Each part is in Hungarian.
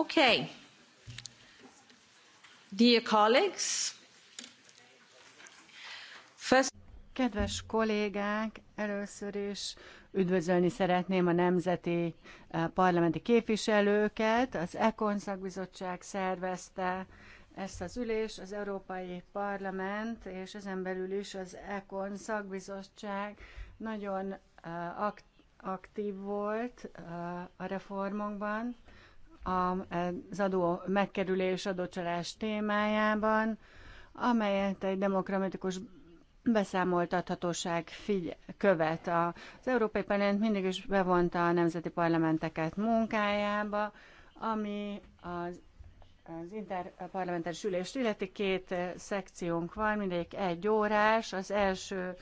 Okay. Dear colleagues, first... Kedves kollégák, először is üdvözölni szeretném a nemzeti eh, parlamenti képviselőket. Az Ekon szakbizottság szervezte ezt az ülés, az Európai Parlament, és ezen belül is az Ekon szakbizottság nagyon eh, aktív volt eh, a reformokban az adó megkerülés, adócsalás témájában, amelyet egy demokratikus beszámoltathatóság figy- követ. Az Európai Parlament mindig is bevonta a nemzeti parlamenteket munkájába, ami az az interparlamentáris ülést illeti két szekciónk van, mindegyik egy órás. Az első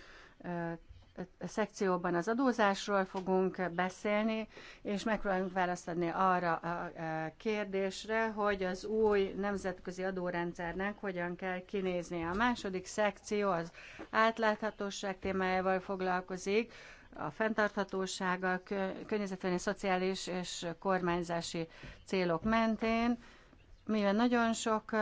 szekcióban az adózásról fogunk beszélni, és megpróbálunk választ adni arra a kérdésre, hogy az új nemzetközi adórendszernek hogyan kell kinézni. A második szekció az átláthatóság témájával foglalkozik, a a környezetvédelmi, szociális és kormányzási célok mentén, mivel nagyon sok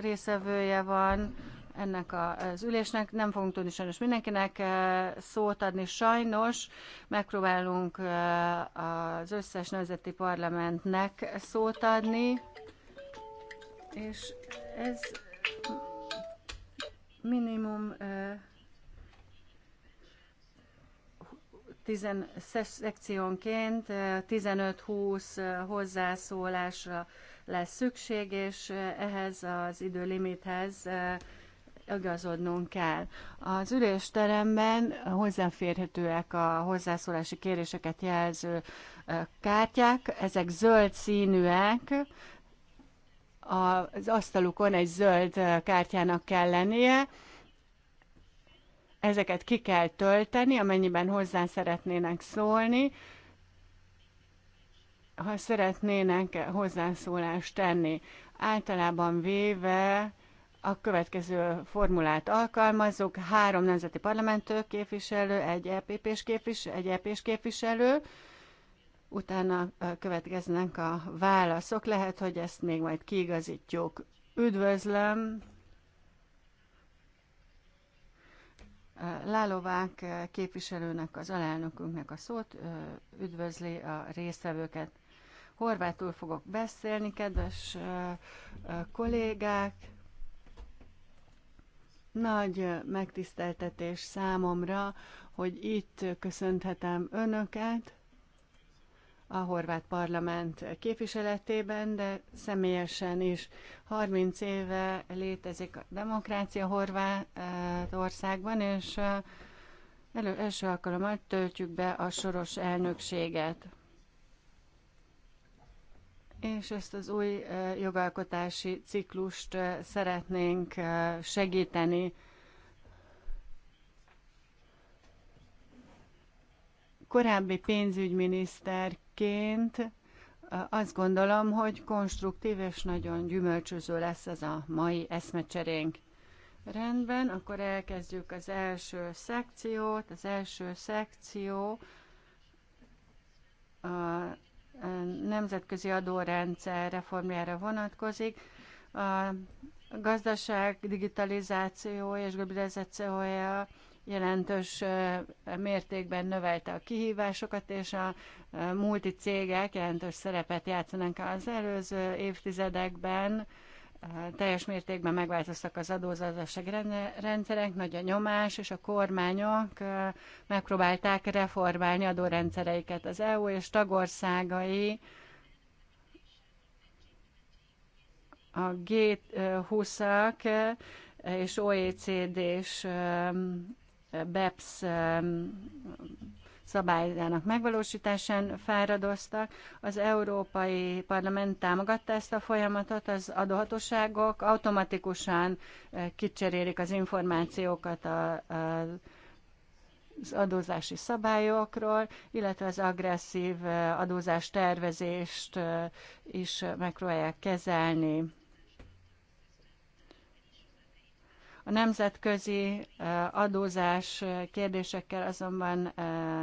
részevője van ennek az ülésnek. Nem fogunk tudni sajnos mindenkinek eh, szót adni, sajnos megpróbálunk eh, az összes nemzeti parlamentnek szót adni, és ez minimum 10 eh, szekciónként 15-20 hozzászólásra lesz szükség, és ehhez az időlimithez igazodnunk kell. Az ülésteremben hozzáférhetőek a hozzászólási kéréseket jelző kártyák, ezek zöld színűek, az asztalukon egy zöld kártyának kell lennie, ezeket ki kell tölteni, amennyiben hozzá szeretnének szólni, ha szeretnének hozzászólást tenni. Általában véve a következő formulát alkalmazzuk. Három nemzeti parlamenttől képviselő, egy EP-s képviselő, egy ep képviselő, utána következnek a válaszok. Lehet, hogy ezt még majd kiigazítjuk. Üdvözlöm! Lálovák képviselőnek, az alelnökünknek a szót, üdvözli a résztvevőket. Horvátul fogok beszélni, kedves kollégák! Nagy megtiszteltetés számomra, hogy itt köszönhetem önöket a horvát parlament képviseletében, de személyesen is. 30 éve létezik a demokrácia Horvátországban, és elő, első alkalommal töltjük be a soros elnökséget. És ezt az új jogalkotási ciklust szeretnénk segíteni. Korábbi pénzügyminiszterként azt gondolom, hogy konstruktív és nagyon gyümölcsöző lesz ez a mai eszmecserénk. Rendben, akkor elkezdjük az első szekciót. Az első szekció a nemzetközi adórendszer reformjára vonatkozik. A gazdaság digitalizációja és globalizációja jelentős mértékben növelte a kihívásokat, és a multicégek jelentős szerepet játszanak az előző évtizedekben teljes mértékben megváltoztak az adózatosság rendszerek, nagy a nyomás, és a kormányok megpróbálták reformálni adórendszereiket. Az EU és tagországai a G20-ak és OECD-s BEPS szabályának megvalósításán fáradoztak. Az Európai Parlament támogatta ezt a folyamatot, az adóhatóságok automatikusan eh, kicserélik az információkat a, a az adózási szabályokról, illetve az agresszív eh, adózás tervezést eh, is megpróbálják kezelni. A nemzetközi adózás kérdésekkel azonban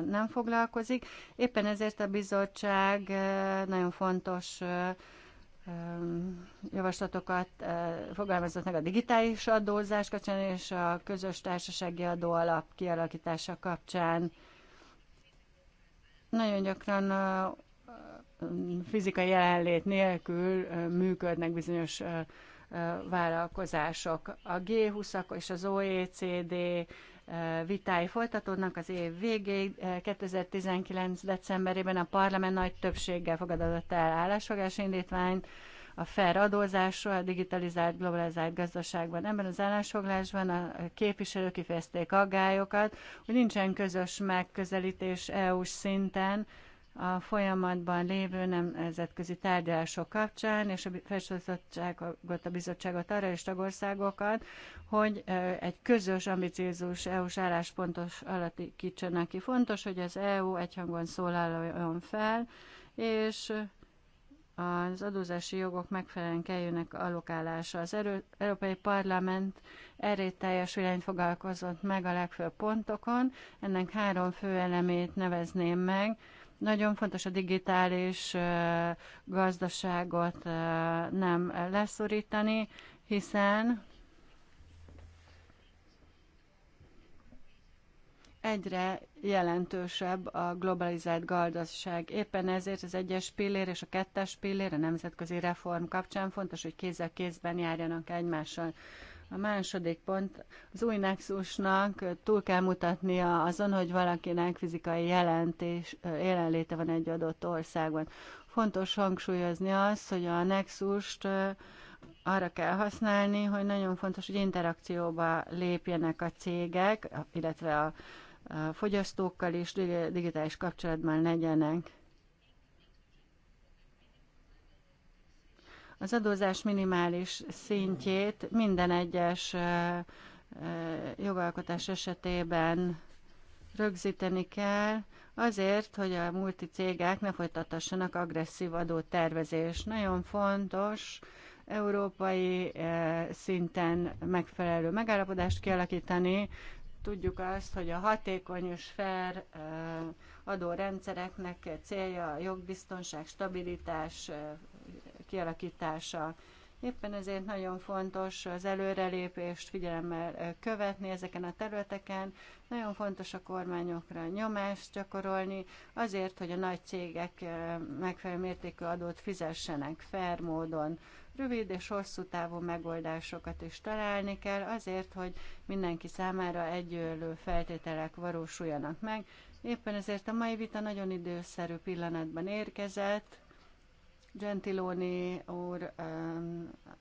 nem foglalkozik. Éppen ezért a bizottság nagyon fontos javaslatokat fogalmazott meg a digitális adózás kapcsán és a közös társasági adóalap kialakítása kapcsán. Nagyon gyakran fizikai jelenlét nélkül működnek bizonyos vállalkozások. A g 20 és az OECD vitái folytatódnak az év végéig. 2019. decemberében a parlament nagy többséggel fogadott el állásfogás indítványt, a fair adózásról, a digitalizált, globalizált gazdaságban. Ebben az állásfoglásban a képviselők kifejezték aggályokat, hogy nincsen közös megközelítés EU-s szinten a folyamatban lévő nemzetközi tárgyalások kapcsán, és a felsőzottságot, a bizottságot arra és tagországokat, hogy egy közös, ambiciózus EU-s álláspontos alakítsanak ki. Fontos, hogy az EU egyhangon szólaljon fel, és az adózási jogok megfelelően kerülnek alokálása. Az Erő- Európai Parlament teljes irányt fogalkozott meg a legfőbb pontokon. Ennek három fő elemét nevezném meg. Nagyon fontos a digitális gazdaságot nem leszorítani, hiszen egyre jelentősebb a globalizált gazdaság. Éppen ezért az egyes pillér és a kettes pillér a nemzetközi reform kapcsán fontos, hogy kéz a kézben járjanak egymással. A második pont, az új nexusnak túl kell mutatnia azon, hogy valakinek fizikai jelentés, jelenléte van egy adott országban. Fontos hangsúlyozni azt, hogy a nexust arra kell használni, hogy nagyon fontos, hogy interakcióba lépjenek a cégek, illetve a fogyasztókkal is digitális kapcsolatban legyenek. az adózás minimális szintjét minden egyes jogalkotás esetében rögzíteni kell, azért, hogy a multi cégek ne folytathassanak agresszív adótervezés, Nagyon fontos európai szinten megfelelő megállapodást kialakítani. Tudjuk azt, hogy a hatékony és fair adórendszereknek célja a jogbiztonság, stabilitás, kialakítása. Éppen ezért nagyon fontos az előrelépést figyelemmel követni ezeken a területeken, nagyon fontos a kormányokra nyomást gyakorolni, azért, hogy a nagy cégek eh, megfelelő mértékű adót fizessenek fair módon. Rövid és hosszú távú megoldásokat is találni kell azért, hogy mindenki számára egyenlő feltételek valósuljanak meg. Éppen ezért a mai vita nagyon időszerű pillanatban érkezett, Gentiloni úr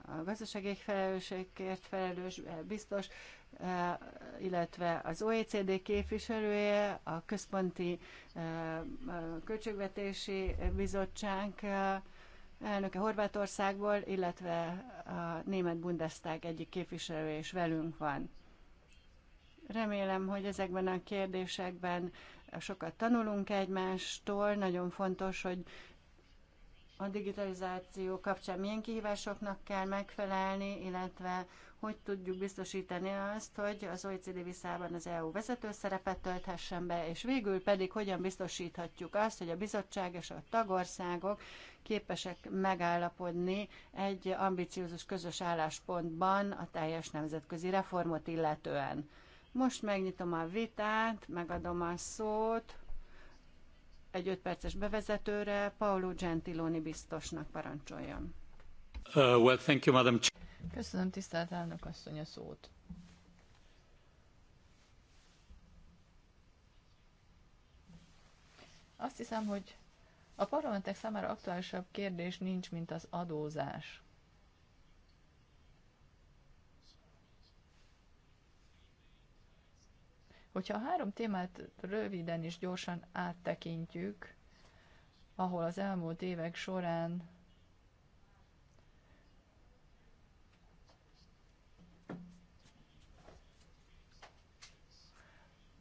a gazdasági felelősségért felelős eh, biztos, eh, illetve az OECD képviselője, a Központi Költségvetési Bizottság eh, elnöke Horvátországból, illetve a Német Bundestag egyik képviselője is velünk van. Remélem, hogy ezekben a kérdésekben sokat tanulunk egymástól. Nagyon fontos, hogy a digitalizáció kapcsán milyen kihívásoknak kell megfelelni, illetve hogy tudjuk biztosítani azt, hogy az OECD viszában az EU vezető szerepet tölthessen be, és végül pedig hogyan biztosíthatjuk azt, hogy a bizottság és a tagországok képesek megállapodni egy ambiciózus közös álláspontban a teljes nemzetközi reformot illetően. Most megnyitom a vitát, megadom a szót egy 5 perces bevezetőre Paolo Gentiloni biztosnak parancsoljon. Uh, well, thank you, Madam Köszönöm, tisztelt elnök asszony a szót. Azt hiszem, hogy a parlamentek számára aktuálisabb kérdés nincs, mint az adózás. Hogyha a három témát röviden és gyorsan áttekintjük, ahol az elmúlt évek során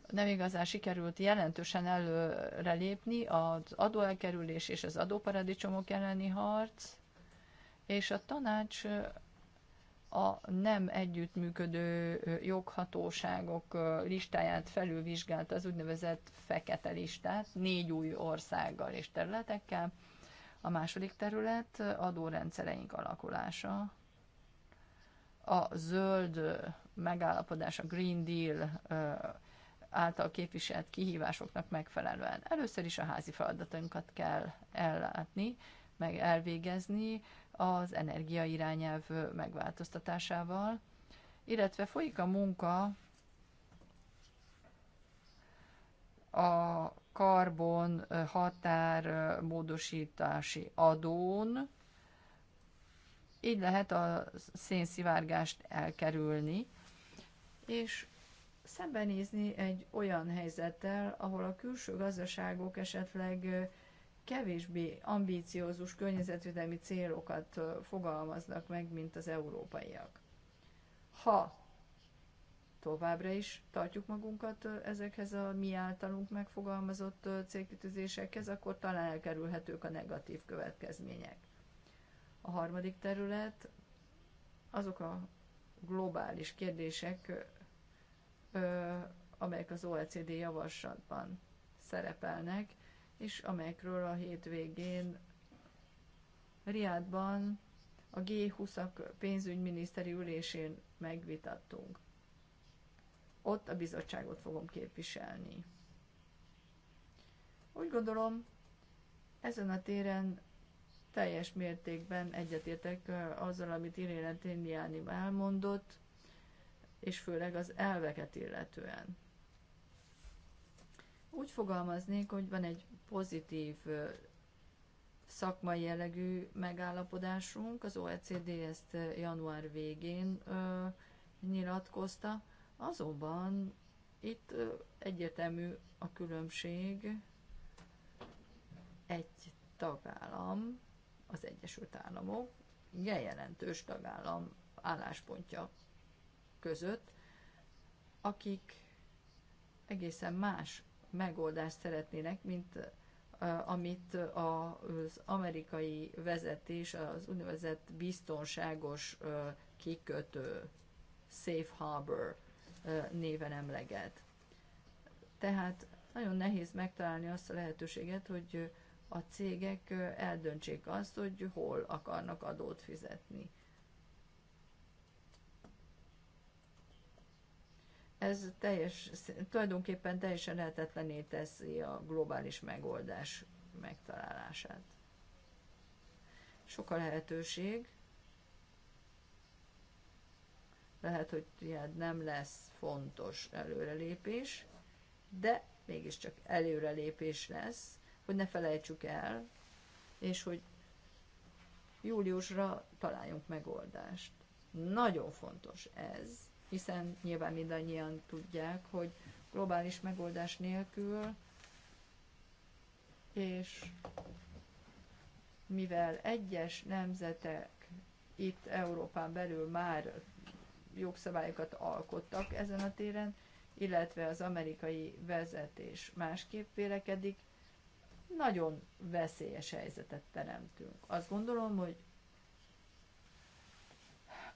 nem igazán sikerült jelentősen előre lépni az adóelkerülés és az adóparadicsomok elleni harc, és a tanács a nem együttműködő joghatóságok listáját felülvizsgált az úgynevezett fekete listát négy új országgal és területekkel. A második terület adórendszereink alakulása. A zöld megállapodás, a Green Deal által képviselt kihívásoknak megfelelően. Először is a házi feladatainkat kell ellátni, meg elvégezni, az energia irányelv megváltoztatásával, illetve folyik a munka a karbon határ módosítási adón, így lehet a szénszivárgást elkerülni, és szembenézni egy olyan helyzettel, ahol a külső gazdaságok esetleg kevésbé ambíciózus környezetvédelmi célokat fogalmaznak meg, mint az európaiak. Ha továbbra is tartjuk magunkat ezekhez a mi általunk megfogalmazott célkitűzésekhez, akkor talán elkerülhetők a negatív következmények. A harmadik terület azok a globális kérdések, amelyek az OECD javaslatban szerepelnek, és amelyekről a hétvégén Riádban a G20-ak pénzügyminiszteri ülésén megvitattunk. Ott a bizottságot fogom képviselni. Úgy gondolom, ezen a téren teljes mértékben egyetértek azzal, amit Irénet Tényiáni elmondott, és főleg az elveket illetően. Úgy fogalmaznék, hogy van egy pozitív szakmai jellegű megállapodásunk, az OECD ezt január végén ö, nyilatkozta, azonban itt ö, egyértelmű a különbség egy tagállam, az Egyesült Államok, igen jelentős tagállam álláspontja között, akik egészen más megoldást szeretnének, mint amit az amerikai vezetés, az úgynevezett biztonságos kikötő, Safe Harbor néven emleget. Tehát nagyon nehéz megtalálni azt a lehetőséget, hogy a cégek eldöntsék azt, hogy hol akarnak adót fizetni. ez teljes, tulajdonképpen teljesen lehetetlené teszi a globális megoldás megtalálását. Sok a lehetőség. Lehet, hogy nem lesz fontos előrelépés, de mégiscsak előrelépés lesz, hogy ne felejtsük el, és hogy júliusra találjunk megoldást. Nagyon fontos ez hiszen nyilván mindannyian tudják, hogy globális megoldás nélkül, és mivel egyes nemzetek itt Európán belül már jogszabályokat alkottak ezen a téren, illetve az amerikai vezetés másképp vélekedik, nagyon veszélyes helyzetet teremtünk. Azt gondolom, hogy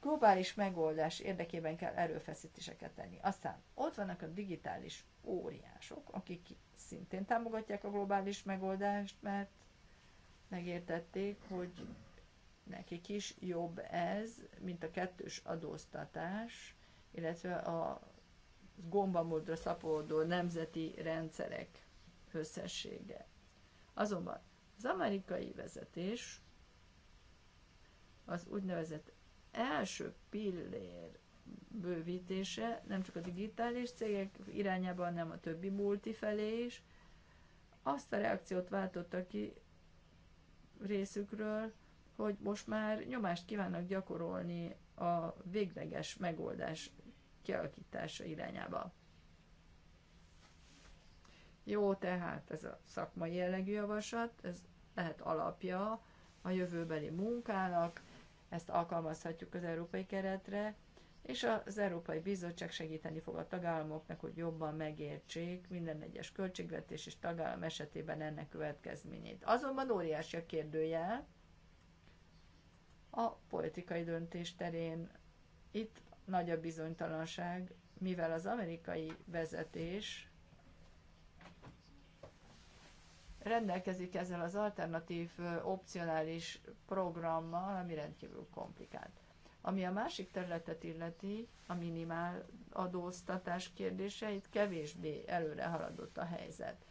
globális megoldás érdekében kell erőfeszítéseket tenni. Aztán ott vannak a digitális óriások, akik szintén támogatják a globális megoldást, mert megértették, hogy nekik is jobb ez, mint a kettős adóztatás, illetve a gombamódra szapódó nemzeti rendszerek összessége. Azonban az amerikai vezetés az úgynevezett első pillér bővítése nem csak a digitális cégek irányába, hanem a többi multi felé is, azt a reakciót váltotta ki részükről, hogy most már nyomást kívánnak gyakorolni a végleges megoldás kialakítása irányába. Jó, tehát ez a szakmai jellegű javaslat, ez lehet alapja a jövőbeli munkának, ezt alkalmazhatjuk az európai keretre, és az Európai Bizottság segíteni fog a tagállamoknak, hogy jobban megértsék minden egyes költségvetés és tagállam esetében ennek következményét. Azonban óriási a kérdőjel a politikai döntés terén. Itt nagy a bizonytalanság, mivel az amerikai vezetés rendelkezik ezzel az alternatív opcionális programmal, ami rendkívül komplikált. Ami a másik területet illeti, a minimál adóztatás kérdése, itt kevésbé előre haladott a helyzet.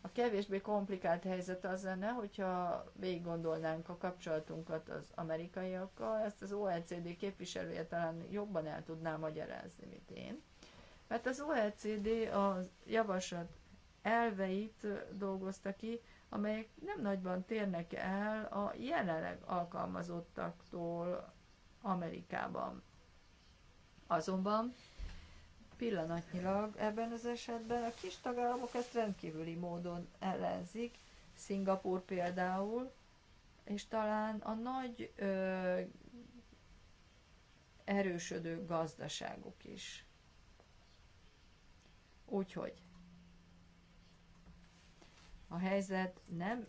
A kevésbé komplikált helyzet az lenne, hogyha végig gondolnánk a kapcsolatunkat az amerikaiakkal, ezt az OECD képviselője talán jobban el tudná magyarázni, mint én mert az OECD a javaslat elveit dolgozta ki, amelyek nem nagyban térnek el a jelenleg alkalmazottaktól Amerikában. Azonban pillanatnyilag ebben az esetben a kis tagállamok ezt rendkívüli módon ellenzik, Szingapur például, és talán a nagy ö, erősödő gazdaságok is. Úgyhogy a helyzet nem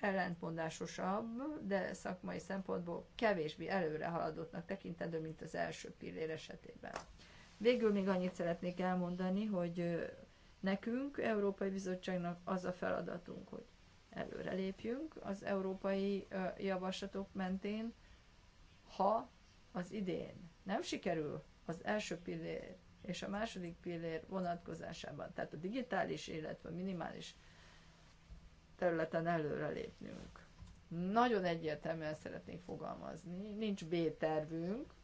ellentmondásosabb, de szakmai szempontból kevésbé előre haladottnak tekintendő, mint az első pillér esetében. Végül még annyit szeretnék elmondani, hogy nekünk, Európai Bizottságnak az a feladatunk, hogy előrelépjünk az európai javaslatok mentén, ha az idén nem sikerül az első pillér és a második pillér vonatkozásában, tehát a digitális, illetve a minimális területen lépnünk. Nagyon egyértelműen szeretnénk fogalmazni, nincs B-tervünk,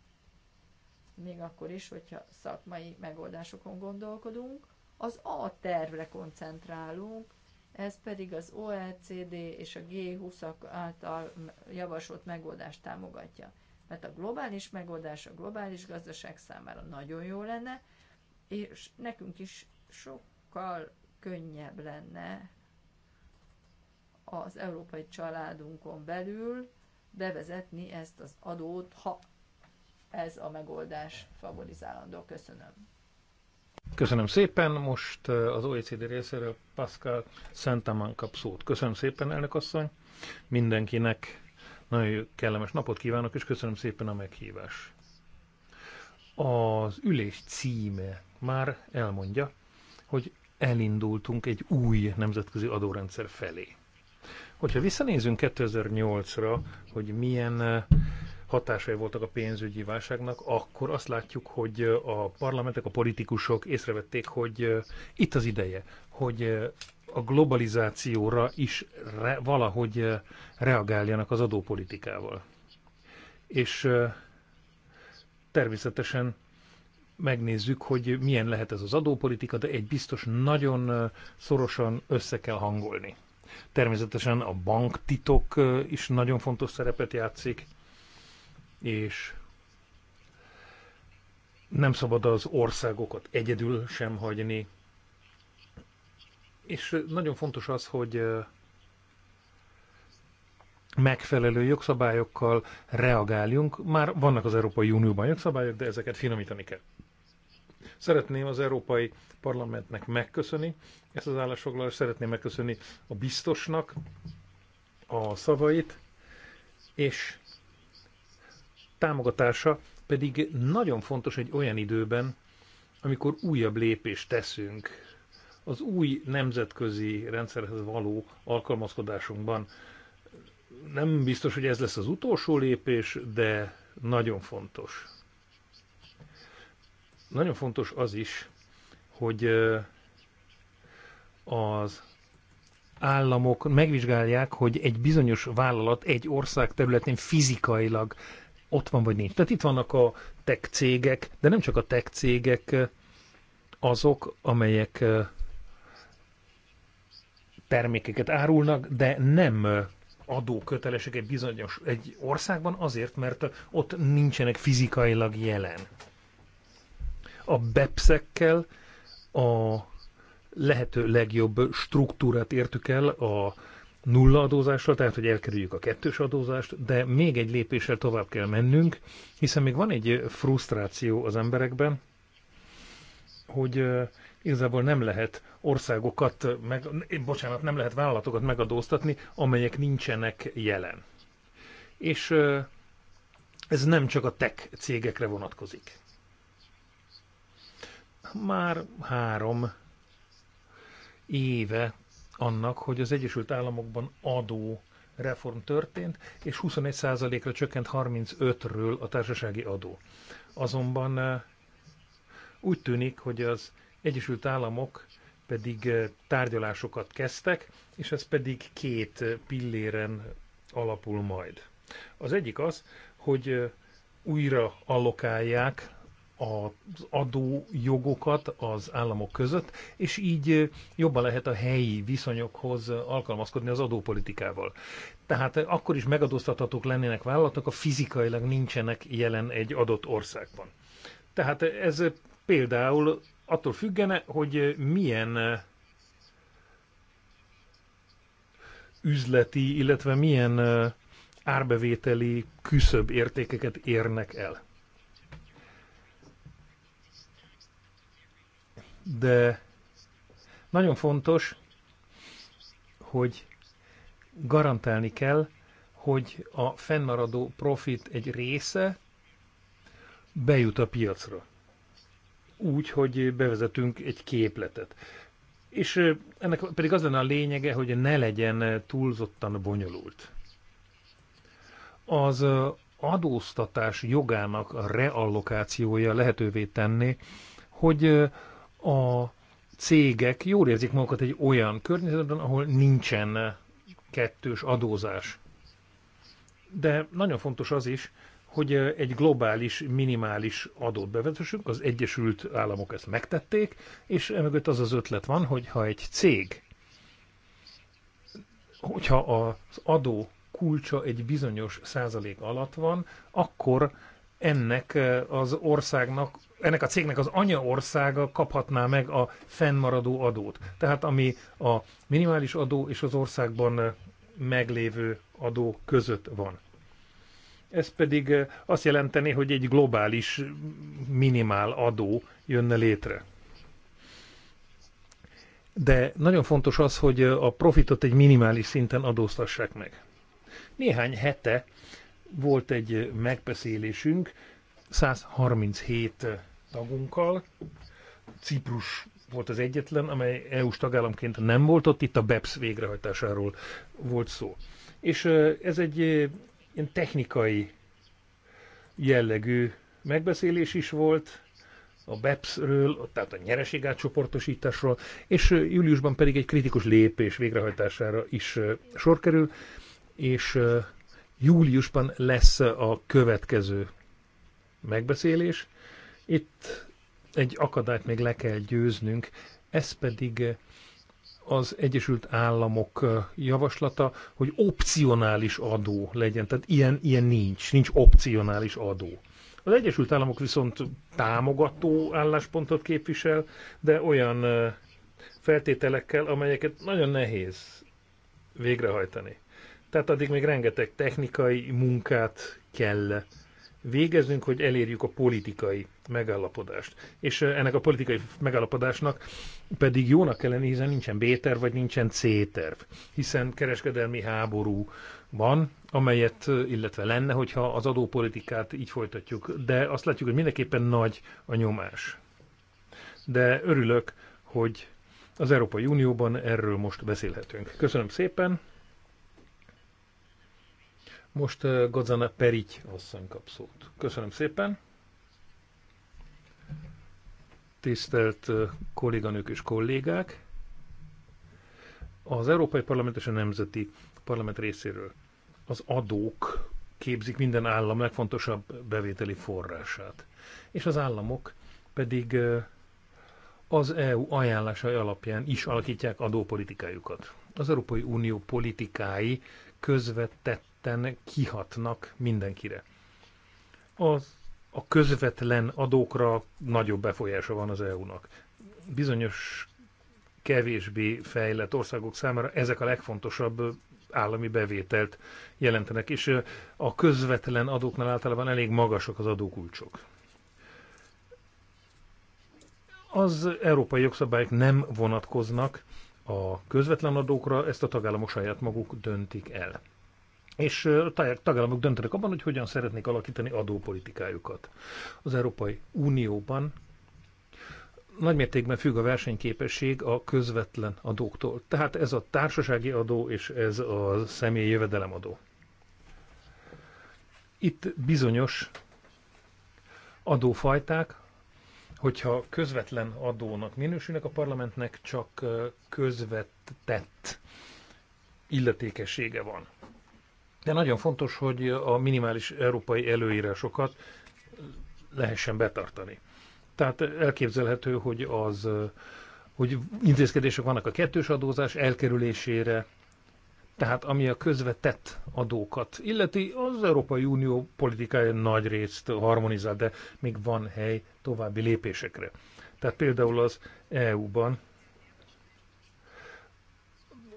még akkor is, hogyha szakmai megoldásokon gondolkodunk, az A tervre koncentrálunk, ez pedig az OECD és a G20-ak által javasolt megoldást támogatja mert a globális megoldás a globális gazdaság számára nagyon jó lenne, és nekünk is sokkal könnyebb lenne az európai családunkon belül bevezetni ezt az adót, ha ez a megoldás favorizálandó. Köszönöm. Köszönöm szépen. Most eh, az OECD részéről Pascal Szentamán kap szót. Köszönöm szépen, elnök asszony. Mindenkinek nagyon kellemes napot kívánok, és köszönöm szépen a meghívás. Az ülés címe már elmondja, hogy elindultunk egy új nemzetközi adórendszer felé. Hogyha visszanézünk 2008-ra, hogy milyen eh, hatásai voltak a pénzügyi válságnak, akkor azt látjuk, hogy eh, a parlamentek, a politikusok észrevették, hogy eh, itt az ideje, hogy a globalizációra is re, valahogy eh, reagáljanak az adópolitikával. És eh, természetesen megnézzük, hogy milyen lehet ez az adópolitika, de egy biztos nagyon eh, szorosan össze kell hangolni. Természetesen a banktitok is nagyon fontos szerepet játszik, és nem szabad az országokat egyedül sem hagyni, és nagyon fontos az, hogy megfelelő jogszabályokkal reagáljunk. Már vannak az Európai Unióban jogszabályok, de ezeket finomítani kell. Szeretném az Európai Parlamentnek megköszöni ezt az állásfoglalást, szeretném megköszönni a biztosnak a szavait, és támogatása pedig nagyon fontos egy olyan időben, amikor újabb lépést teszünk az új nemzetközi rendszerhez való alkalmazkodásunkban. Nem biztos, hogy ez lesz az utolsó lépés, de nagyon fontos. Nagyon fontos az is, hogy az államok megvizsgálják, hogy egy bizonyos vállalat egy ország területén fizikailag ott van vagy nincs. Tehát itt vannak a tech cégek, de nem csak a tech cégek azok, amelyek termékeket árulnak, de nem adókötelesek egy bizonyos egy országban azért, mert ott nincsenek fizikailag jelen. A BEPS-ekkel a lehető legjobb struktúrát értük el a nulla adózásra, tehát hogy elkerüljük a kettős adózást, de még egy lépéssel tovább kell mennünk, hiszen még van egy frusztráció az emberekben, hogy Igazából nem lehet országokat, meg, bocsánat, nem lehet vállalatokat megadóztatni, amelyek nincsenek jelen. És ez nem csak a tech cégekre vonatkozik. Már három éve annak, hogy az Egyesült Államokban adó reform történt, és 21%-ra csökkent 35-ről a társasági adó. Azonban úgy tűnik, hogy az Egyesült Államok pedig eh, tárgyalásokat kezdtek, és ez pedig két eh, pilléren alapul majd. Az egyik az, hogy eh, újra allokálják az adójogokat az államok között, és így jobban lehet a helyi viszonyokhoz alkalmazkodni az adópolitikával. Tehát akkor is megadóztathatók lennének vállalatok, a fizikailag nincsenek jelen egy adott országban. Tehát ez például attól függene, hogy milyen eh, üzleti, illetve milyen eh, árbevételi küszöbb értékeket érnek el. De nagyon fontos, hogy garantálni kell, hogy a fennmaradó profit egy része bejut a piacra úgy, hogy bevezetünk egy képletet. És ennek pedig az lenne a lényege, hogy ne legyen túlzottan bonyolult. Az adóztatás jogának a reallokációja lehetővé tenni, hogy a cégek jól érzik magukat egy olyan környezetben, ahol nincsen kettős adózás. De nagyon fontos az is, hogy egy globális, minimális adót bevetessünk, az Egyesült Államok ezt megtették, és emögött az az ötlet van, hogy ha egy cég, hogyha az adó kulcsa egy bizonyos százalék alatt van, akkor ennek az országnak, ennek a cégnek az anya országa kaphatná meg a fennmaradó adót. Tehát ami a minimális adó és az országban meglévő adó között van. Ez pedig azt jelenteni, hogy egy globális minimál adó jönne létre. De nagyon fontos az, hogy a profitot egy minimális szinten adóztassák meg. Néhány hete volt egy megbeszélésünk 137 tagunkkal. Ciprus volt az egyetlen, amely EU-s tagállamként nem volt ott, itt a BEPS végrehajtásáról volt szó. És ez egy ilyen technikai jellegű megbeszélés is volt, a BEPS-ről, tehát a nyereségátcsoportosításról, és júliusban pedig egy kritikus lépés végrehajtására is sor kerül, és júliusban lesz a következő megbeszélés. Itt egy akadályt még le kell győznünk, ez pedig az Egyesült Államok javaslata, hogy opcionális adó legyen. Tehát ilyen, ilyen nincs, nincs opcionális adó. Az Egyesült Államok viszont támogató álláspontot képvisel, de olyan feltételekkel, amelyeket nagyon nehéz végrehajtani. Tehát addig még rengeteg technikai munkát kell végeznünk, hogy elérjük a politikai megállapodást. És ennek a politikai megállapodásnak pedig jónak kellene hiszen nincsen B-terv, vagy nincsen C-terv, hiszen kereskedelmi háború van, amelyet, illetve lenne, hogyha az adópolitikát így folytatjuk. De azt látjuk, hogy mindenképpen nagy a nyomás. De örülök, hogy az Európai Unióban erről most beszélhetünk. Köszönöm szépen! Most eh, Gazana Perit asszony kap szót. Köszönöm szépen! Tisztelt kolléganők és kollégák! Az Európai Parlament és a Nemzeti Parlament részéről az adók képzik minden állam legfontosabb bevételi forrását, és az államok pedig az EU ajánlásai alapján is alakítják adópolitikájukat. Az Európai Unió politikái közvetetten kihatnak mindenkire. Az a közvetlen adókra nagyobb befolyása van az EU-nak. Bizonyos kevésbé fejlett országok számára ezek a legfontosabb állami bevételt jelentenek, és a közvetlen adóknál általában elég magasak az adókulcsok. Az európai jogszabályok nem vonatkoznak a közvetlen adókra, ezt a tagállamok saját maguk döntik el és tagállamok döntenek abban, hogy hogyan szeretnék alakítani adópolitikájukat. Az Európai Unióban nagymértékben függ a versenyképesség a közvetlen adóktól. Tehát ez a társasági adó és ez a személyi adó. Itt bizonyos adófajták, hogyha közvetlen adónak minősülnek, a parlamentnek csak közvetett illetékessége van. De nagyon fontos, hogy a minimális európai előírásokat lehessen betartani. Tehát elképzelhető, hogy az hogy intézkedések vannak a kettős adózás elkerülésére, tehát ami a közvetett adókat illeti, az Európai Unió politikája nagy részt harmonizál, de még van hely további lépésekre. Tehát például az EU-ban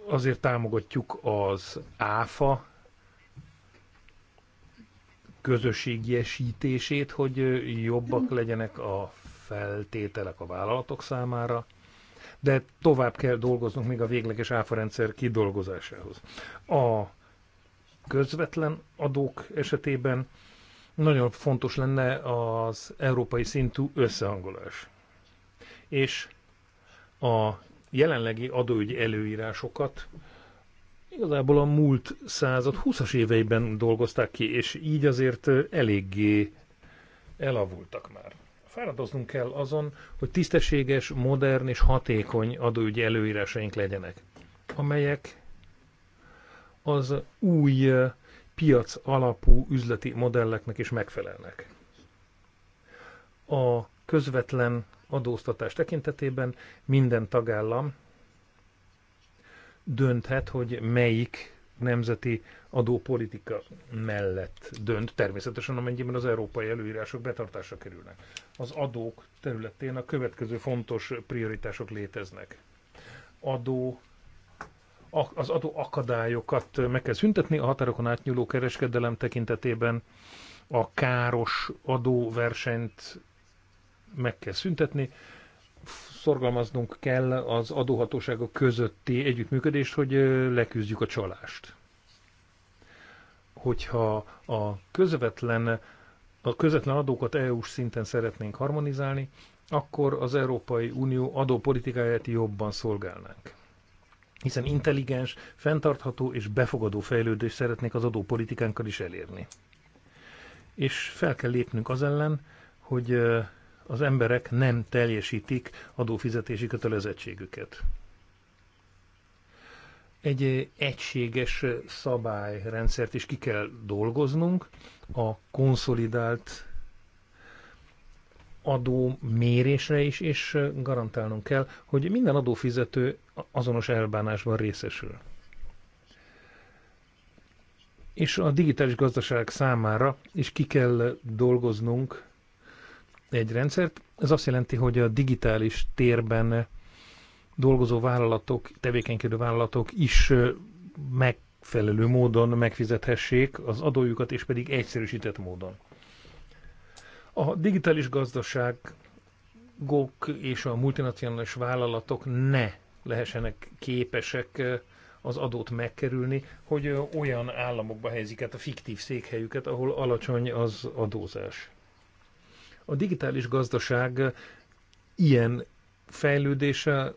azért támogatjuk az ÁFA közösségiesítését, hogy jobbak legyenek a feltételek a vállalatok számára, de tovább kell dolgoznunk még a végleges áfarendszer kidolgozásához. A közvetlen adók esetében nagyon fontos lenne az európai szintű összehangolás. És a jelenlegi adóügyi előírásokat igazából a múlt század 20-as éveiben dolgozták ki, és így azért eléggé elavultak már. Fáradoznunk kell azon, hogy tisztességes, modern és hatékony adóügyi előírásaink legyenek, amelyek az új piac alapú üzleti modelleknek is megfelelnek. A közvetlen adóztatás tekintetében minden tagállam dönthet, hogy melyik nemzeti adópolitika mellett dönt, természetesen amennyiben az európai előírások betartásra kerülnek. Az adók területén a következő fontos prioritások léteznek. Adó, az adó akadályokat meg kell szüntetni a határokon átnyúló kereskedelem tekintetében, a káros adóversenyt meg kell szüntetni, szorgalmaznunk kell az adóhatóságok közötti együttműködést, hogy leküzdjük a csalást. Hogyha a közvetlen, a közvetlen adókat EU-s szinten szeretnénk harmonizálni, akkor az Európai Unió adópolitikáját jobban szolgálnánk. Hiszen intelligens, fenntartható és befogadó fejlődést szeretnék az adópolitikánkkal is elérni. És fel kell lépnünk az ellen, hogy az emberek nem teljesítik adófizetési kötelezettségüket. Egy egységes szabályrendszert is ki kell dolgoznunk, a konszolidált adó mérésre is, és garantálnunk kell, hogy minden adófizető azonos elbánásban részesül. És a digitális gazdaság számára is ki kell dolgoznunk egy rendszert. Ez azt jelenti, hogy a digitális térben dolgozó vállalatok, tevékenykedő vállalatok is megfelelő módon megfizethessék az adójukat, és pedig egyszerűsített módon. A digitális gazdaság és a multinacionális vállalatok ne lehessenek képesek az adót megkerülni, hogy olyan államokba helyezik át a fiktív székhelyüket, ahol alacsony az adózás. A digitális gazdaság ilyen fejlődése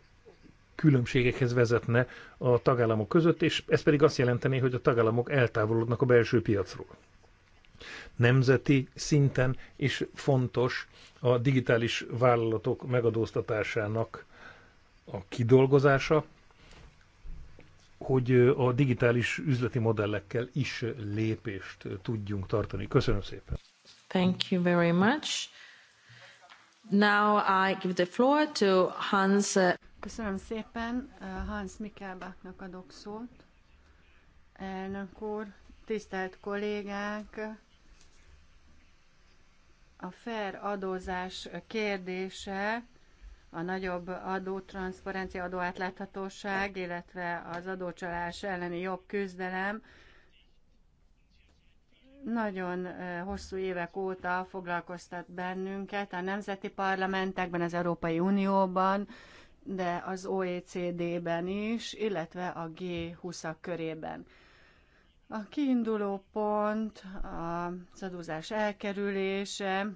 különbségekhez vezetne a tagállamok között, és ez pedig azt jelenteni, hogy a tagállamok eltávolodnak a belső piacról. Nemzeti szinten is fontos a digitális vállalatok megadóztatásának a kidolgozása, hogy a digitális üzleti modellekkel is lépést tudjunk tartani. Köszönöm szépen! Thank you very much. Now I give the floor to Hans. Uh, Köszönöm szépen, uh, Hans Mikelbachnak adok szót. Elnök úr, tisztelt kollégák, a fair adózás kérdése, a nagyobb adótranszparencia, adóátláthatóság, illetve az adócsalás elleni jobb küzdelem nagyon hosszú évek óta foglalkoztat bennünket a nemzeti parlamentekben, az Európai Unióban, de az OECD-ben is, illetve a G20-ak körében. A kiinduló pont a szadózás elkerülése,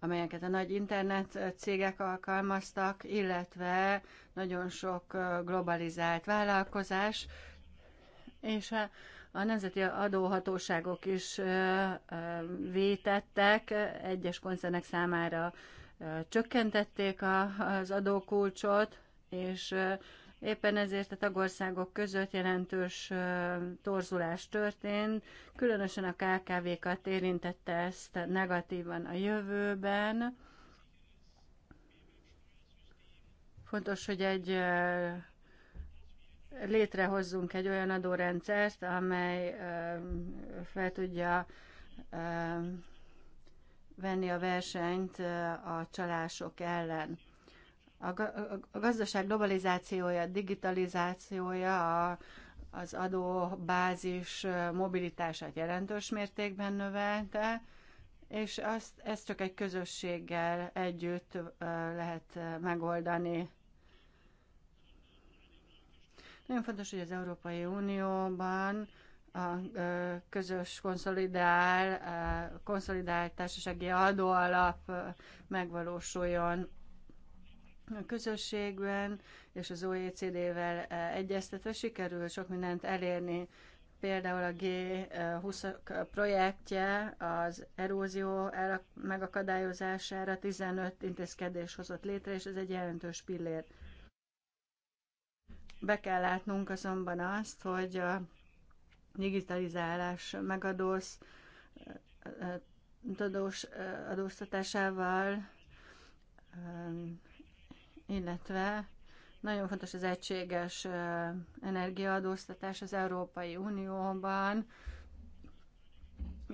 amelyeket a nagy internet cégek alkalmaztak, illetve nagyon sok globalizált vállalkozás, és a nemzeti adóhatóságok is vétettek, egyes koncernek számára csökkentették az adókulcsot, és Éppen ezért a tagországok között jelentős torzulás történt, különösen a KKV-kat érintette ezt negatívan a jövőben. Fontos, hogy egy létrehozzunk egy olyan adórendszert, amely fel tudja venni a versenyt a csalások ellen. A gazdaság globalizációja, digitalizációja, a, az adóbázis mobilitását jelentős mértékben növelte, és azt, ezt csak egy közösséggel együtt lehet megoldani. Nagyon fontos, hogy az Európai Unióban a közös konszolidál, konszolidált társasági adóalap megvalósuljon a közösségben, és az OECD-vel egyeztetve sikerül sok mindent elérni. Például a G20 projektje az erózió megakadályozására 15 intézkedés hozott létre, és ez egy jelentős pillér. Be kell látnunk azonban azt, hogy a digitalizálás megadóz adós, adóztatásával, illetve nagyon fontos az egységes energiaadóztatás az Európai Unióban,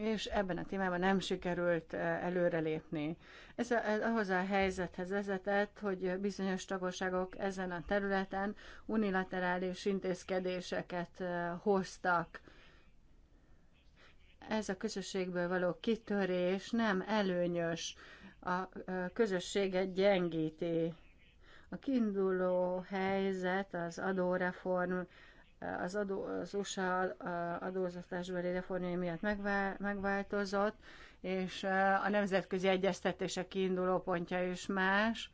és ebben a témában nem sikerült eh, előrelépni. Ez, a, ez ahhoz a helyzethez vezetett, hogy bizonyos tagországok ezen a területen unilaterális intézkedéseket eh, hoztak. Ez a közösségből való kitörés nem előnyös, a eh, közösséget gyengíti. A kiinduló helyzet az adóreform az, adó, az USA adózatásbeli reformja miatt megvál, megváltozott, és a nemzetközi egyeztetések kiinduló pontja is más.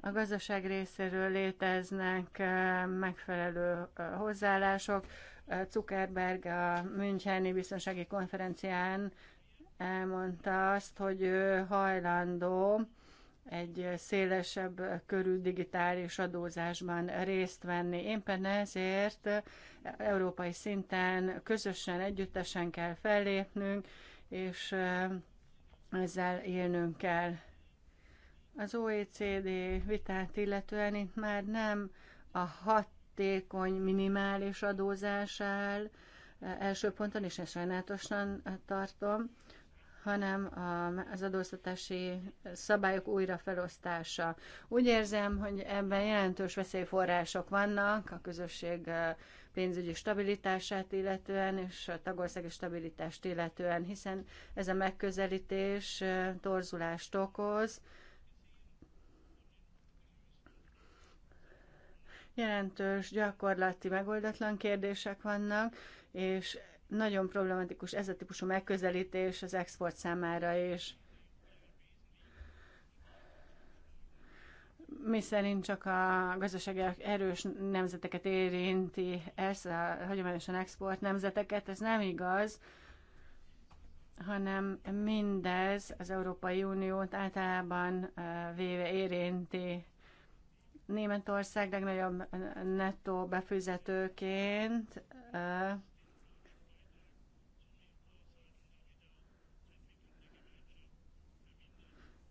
A gazdaság részéről léteznek megfelelő hozzáállások. Zuckerberg a Müncheni Biztonsági Konferencián elmondta azt, hogy ő hajlandó egy szélesebb körű digitális adózásban részt venni. Éppen ezért európai szinten közösen, együttesen kell fellépnünk, és ezzel élnünk kell. Az OECD vitát illetően itt már nem a hatékony minimális adózás áll első ponton, és ezt sajnálatosan tartom, hanem az adóztatási szabályok újrafelosztása. Úgy érzem, hogy ebben jelentős veszélyforrások vannak a közösség pénzügyi stabilitását illetően, és a tagországi stabilitást illetően, hiszen ez a megközelítés torzulást okoz, jelentős gyakorlati megoldatlan kérdések vannak, és nagyon problematikus ez a típusú megközelítés az export számára és mi szerint csak a gazdasági erős nemzeteket érinti ez, a hagyományosan export nemzeteket, ez nem igaz, hanem mindez az Európai Uniót általában véve érinti. Németország legnagyobb nettó befizetőként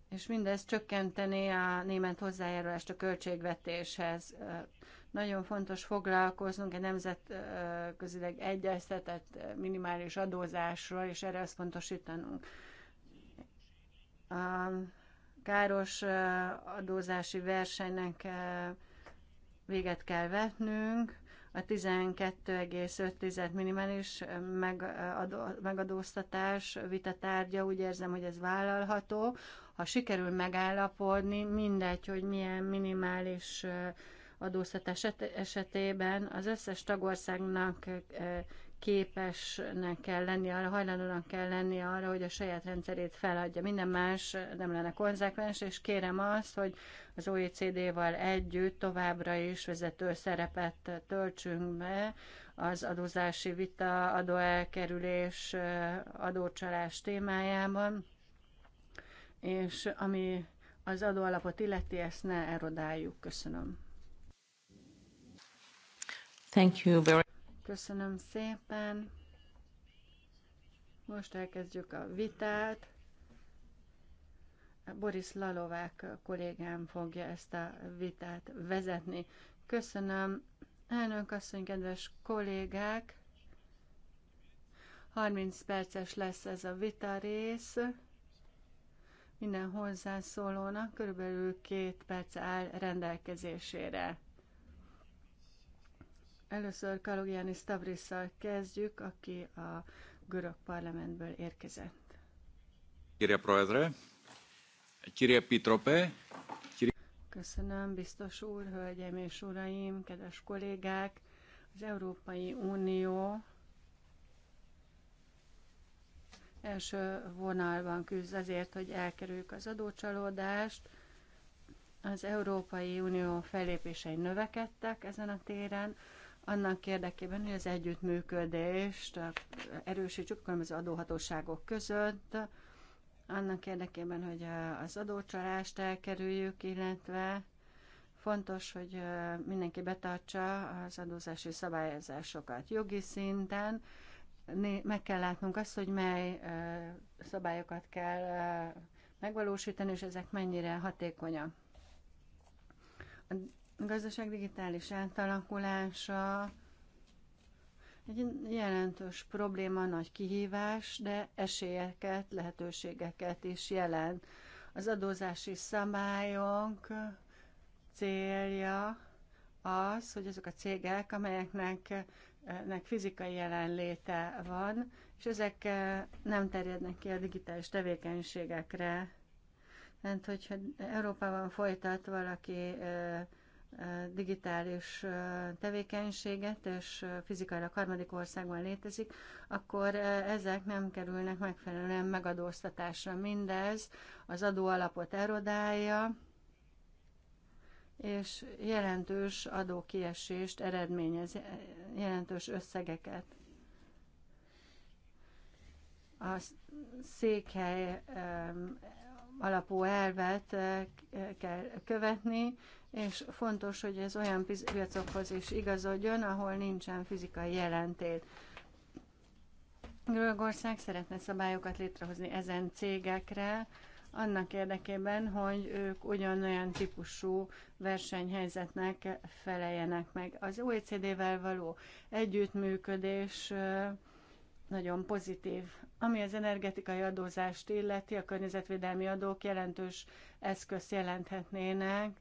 és mindez csökkenteni a német hozzájárulást a költségvetéshez. Nagyon fontos foglalkoznunk egy nemzetközileg egyeztetett minimális adózásról, és erre összpontosítanunk. A káros adózási versenynek véget kell vetnünk, a 12,5 minimális megadó, megadóztatás vitatárgya, úgy érzem, hogy ez vállalható. Ha sikerül megállapodni, mindegy, hogy milyen minimális eset, esetében az összes tagországnak képesnek kell lenni arra, hajlandónak kell lenni arra, hogy a saját rendszerét feladja. Minden más nem lenne konzekvens, és kérem azt, hogy az OECD-val együtt továbbra is vezető szerepet töltsünk be az adózási vita, adóelkerülés, adócsalás témájában és ami az adóalapot illeti, ezt ne erodáljuk. Köszönöm. Thank you very Köszönöm szépen. Most elkezdjük a vitát. Boris Lalovák kollégám fogja ezt a vitát vezetni. Köszönöm, elnök asszony, kedves kollégák! 30 perces lesz ez a vita rész. Minden hozzászólónak körülbelül két perc áll rendelkezésére. Először Kalogiani Stavrisszal kezdjük, aki a görög parlamentből érkezett. Kire Proedre, Kire Pitrope, Köszönöm, biztos úr, hölgyeim és uraim, kedves kollégák! Az Európai Unió első vonalban küzd azért, hogy elkerüljük az adócsalódást. Az Európai Unió fellépései növekedtek ezen a téren, annak érdekében, hogy az együttműködést erősítsük a különböző adóhatóságok között, annak érdekében, hogy az adócsalást elkerüljük, illetve fontos, hogy mindenki betartsa az adózási szabályozásokat jogi szinten, meg kell látnunk azt, hogy mely szabályokat kell megvalósítani, és ezek mennyire hatékonyak. A gazdaság digitális átalakulása egy jelentős probléma, nagy kihívás, de esélyeket, lehetőségeket is jelent. Az adózási szabályok célja az, hogy azok a cégek, amelyeknek nek fizikai jelenléte van, és ezek eh, nem terjednek ki a digitális tevékenységekre. Mert hogyha Európában folytat valaki eh, eh, digitális tevékenységet, és fizikailag harmadik országban létezik, akkor ezek nem kerülnek megfelelően megadóztatásra. Mindez az adóalapot erodálja, és jelentős adókiesést eredményez, jelentős összegeket. A székhely alapú elvet eh, kell követni, és fontos, hogy ez olyan piacokhoz is igazodjon, ahol nincsen fizikai jelentét. Görögország szeretne szabályokat létrehozni ezen cégekre, annak érdekében, hogy ők ugyanolyan típusú versenyhelyzetnek feleljenek meg. Az OECD-vel való együttműködés nagyon pozitív. Ami az energetikai adózást illeti, a környezetvédelmi adók jelentős eszközt jelenthetnének,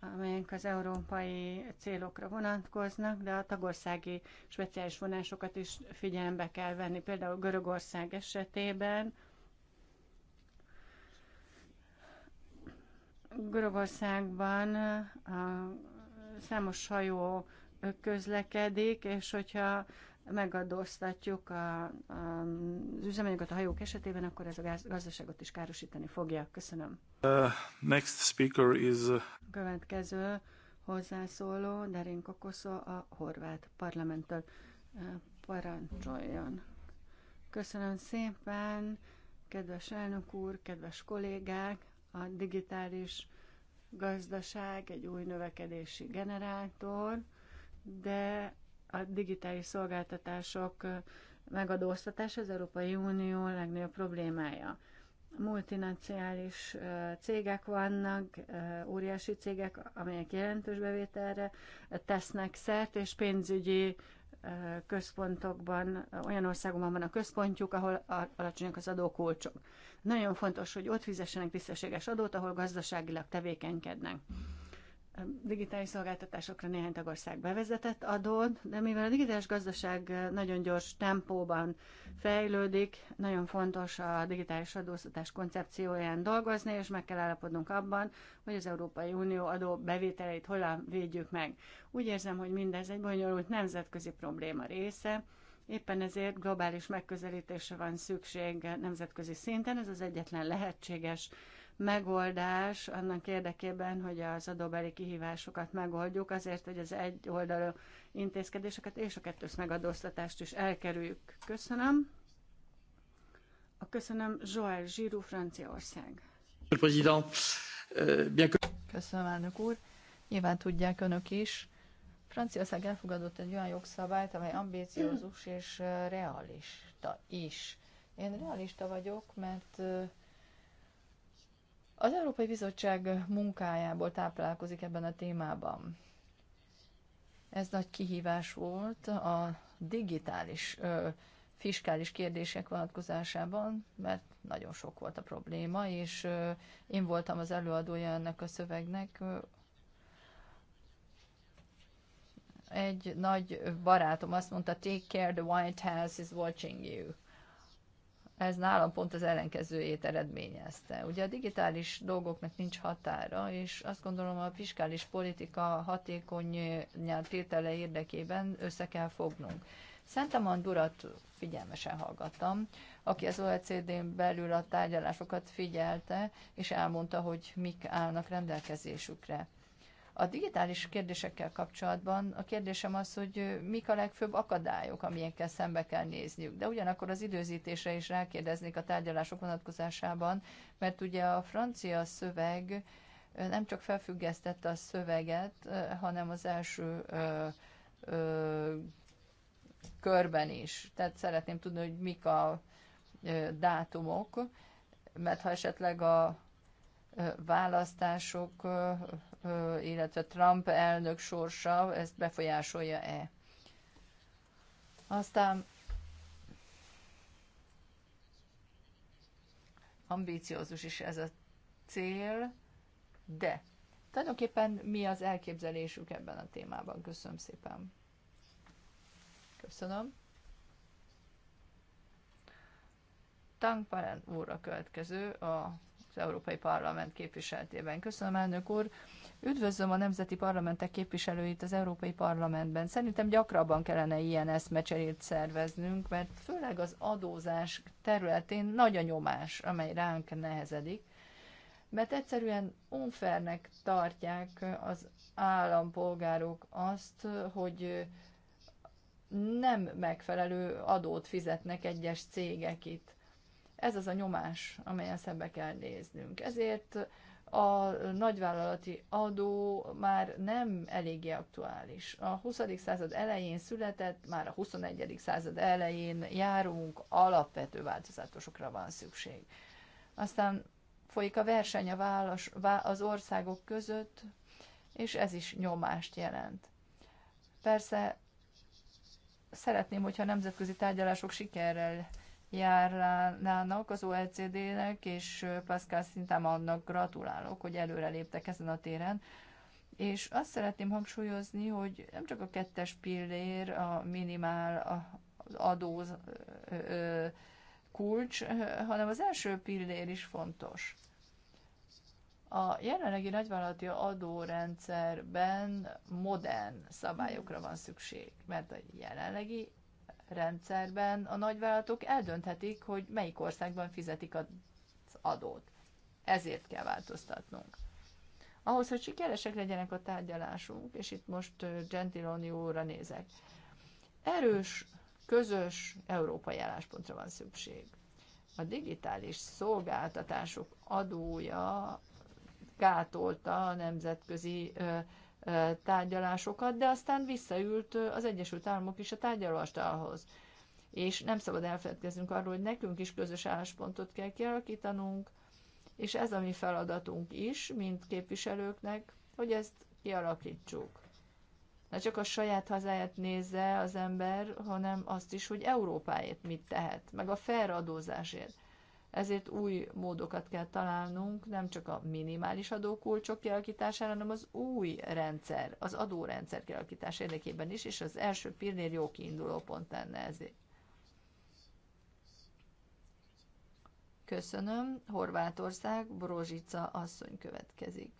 amelyek az európai célokra vonatkoznak, de a tagországi speciális vonásokat is figyelembe kell venni. Például Görögország esetében Görögországban számos hajó közlekedik, és hogyha megadóztatjuk a, a, az üzemanyagot a hajók esetében, akkor ez a gazdaságot is károsítani fogja. Köszönöm. Uh, next speaker is... Uh, Következő hozzászóló Darin Kokoszó a horvát parlamenttől. Parancsoljon. Köszönöm szépen, kedves elnök úr, kedves kollégák! A digitális gazdaság egy új növekedési generátor, de a digitális szolgáltatások megadóztatása az Európai Unió legnagyobb problémája. Multinacionális cégek vannak, óriási cégek, amelyek jelentős bevételre tesznek szert, és pénzügyi központokban, olyan országokban van a központjuk, ahol alacsonyak az adókulcsok. Nagyon fontos, hogy ott fizessenek tisztességes adót, ahol gazdaságilag tevékenykednek. A digitális szolgáltatásokra néhány tagország bevezetett adót, de mivel a digitális gazdaság nagyon gyors tempóban fejlődik, nagyon fontos a digitális adóztatás koncepcióján dolgozni, és meg kell állapodnunk abban, hogy az Európai Unió adó bevételeit hol védjük meg. Úgy érzem, hogy mindez egy bonyolult nemzetközi probléma része, Éppen ezért globális megközelítésre van szükség nemzetközi szinten. Ez az egyetlen lehetséges megoldás annak érdekében, hogy az adóbeli kihívásokat megoldjuk, azért, hogy az egyoldalú intézkedéseket és a kettős megadóztatást is elkerüljük. Köszönöm. A köszönöm Joël Giroux, Franciaország. Euh, köszönöm, elnök úr. Nyilván tudják önök is, Franciaország elfogadott egy olyan jogszabályt, amely ambíciózus és realista is. Én realista vagyok, mert az Európai Bizottság munkájából táplálkozik ebben a témában. Ez nagy kihívás volt a digitális ö, fiskális kérdések vonatkozásában, mert nagyon sok volt a probléma, és én voltam az előadója ennek a szövegnek, Egy nagy barátom azt mondta, take care, the White House is watching you. Ez nálam pont az ellenkezőjét eredményezte. Ugye a digitális dolgoknak nincs határa, és azt gondolom a fiskális politika hatékony tétele érdekében össze kell fognunk. Szentem Andurat figyelmesen hallgattam, aki az OECD-n belül a tárgyalásokat figyelte, és elmondta, hogy mik állnak rendelkezésükre. A digitális kérdésekkel kapcsolatban a kérdésem az, hogy mik a legfőbb akadályok, amilyenkel szembe kell nézniük. De ugyanakkor az időzítésre is rákérdeznék a tárgyalások vonatkozásában, mert ugye a francia szöveg nem csak felfüggesztette a szöveget, hanem az első ö, ö, körben is. Tehát szeretném tudni, hogy mik a ö, dátumok, mert ha esetleg a választások, illetve Trump elnök sorsa ezt befolyásolja-e. Aztán ambíciózus is ez a cél, de tulajdonképpen mi az elképzelésük ebben a témában? Köszönöm szépen. Köszönöm. Tangparen úr a következő a Európai Parlament képviseltében. Köszönöm, elnök úr! Üdvözlöm a nemzeti parlamentek képviselőit az Európai Parlamentben. Szerintem gyakrabban kellene ilyen eszmecserét szerveznünk, mert főleg az adózás területén nagy a nyomás, amely ránk nehezedik, mert egyszerűen unfernek tartják az állampolgárok azt, hogy nem megfelelő adót fizetnek egyes cégek itt. Ez az a nyomás, amelyen szembe kell néznünk. Ezért a nagyvállalati adó már nem eléggé aktuális. A 20. század elején született, már a 21. század elején járunk, alapvető változatosokra van szükség. Aztán folyik a verseny a válasz, az országok között, és ez is nyomást jelent. Persze szeretném, hogyha nemzetközi tárgyalások sikerrel járnának az OECD-nek, és Pascal szintén annak gratulálok, hogy előre léptek ezen a téren. És azt szeretném hangsúlyozni, hogy nem csak a kettes pillér, a minimál, az adó kulcs, hanem az első pillér is fontos. A jelenlegi nagyvállalati adórendszerben modern szabályokra van szükség, mert a jelenlegi rendszerben a nagyvállalatok eldönthetik, hogy melyik országban fizetik az adót. Ezért kell változtatnunk. Ahhoz, hogy sikeresek legyenek a tárgyalásunk, és itt most Gentiloni úrra nézek, erős, közös európai álláspontra van szükség. A digitális szolgáltatások adója gátolta a nemzetközi tárgyalásokat, de aztán visszaült az Egyesült Államok is a tárgyalóasztalhoz. És nem szabad elfeledkeznünk arról, hogy nekünk is közös álláspontot kell kialakítanunk, és ez a mi feladatunk is, mint képviselőknek, hogy ezt kialakítsuk. Ne csak a saját hazáját nézze az ember, hanem azt is, hogy Európáért mit tehet, meg a fair adózásért ezért új módokat kell találnunk, nem csak a minimális adókulcsok kialakítására, hanem az új rendszer, az adórendszer kialakítás érdekében is, és az első pillér jó kiinduló pont lenne ezért. Köszönöm. Horvátország, Brozsica asszony következik.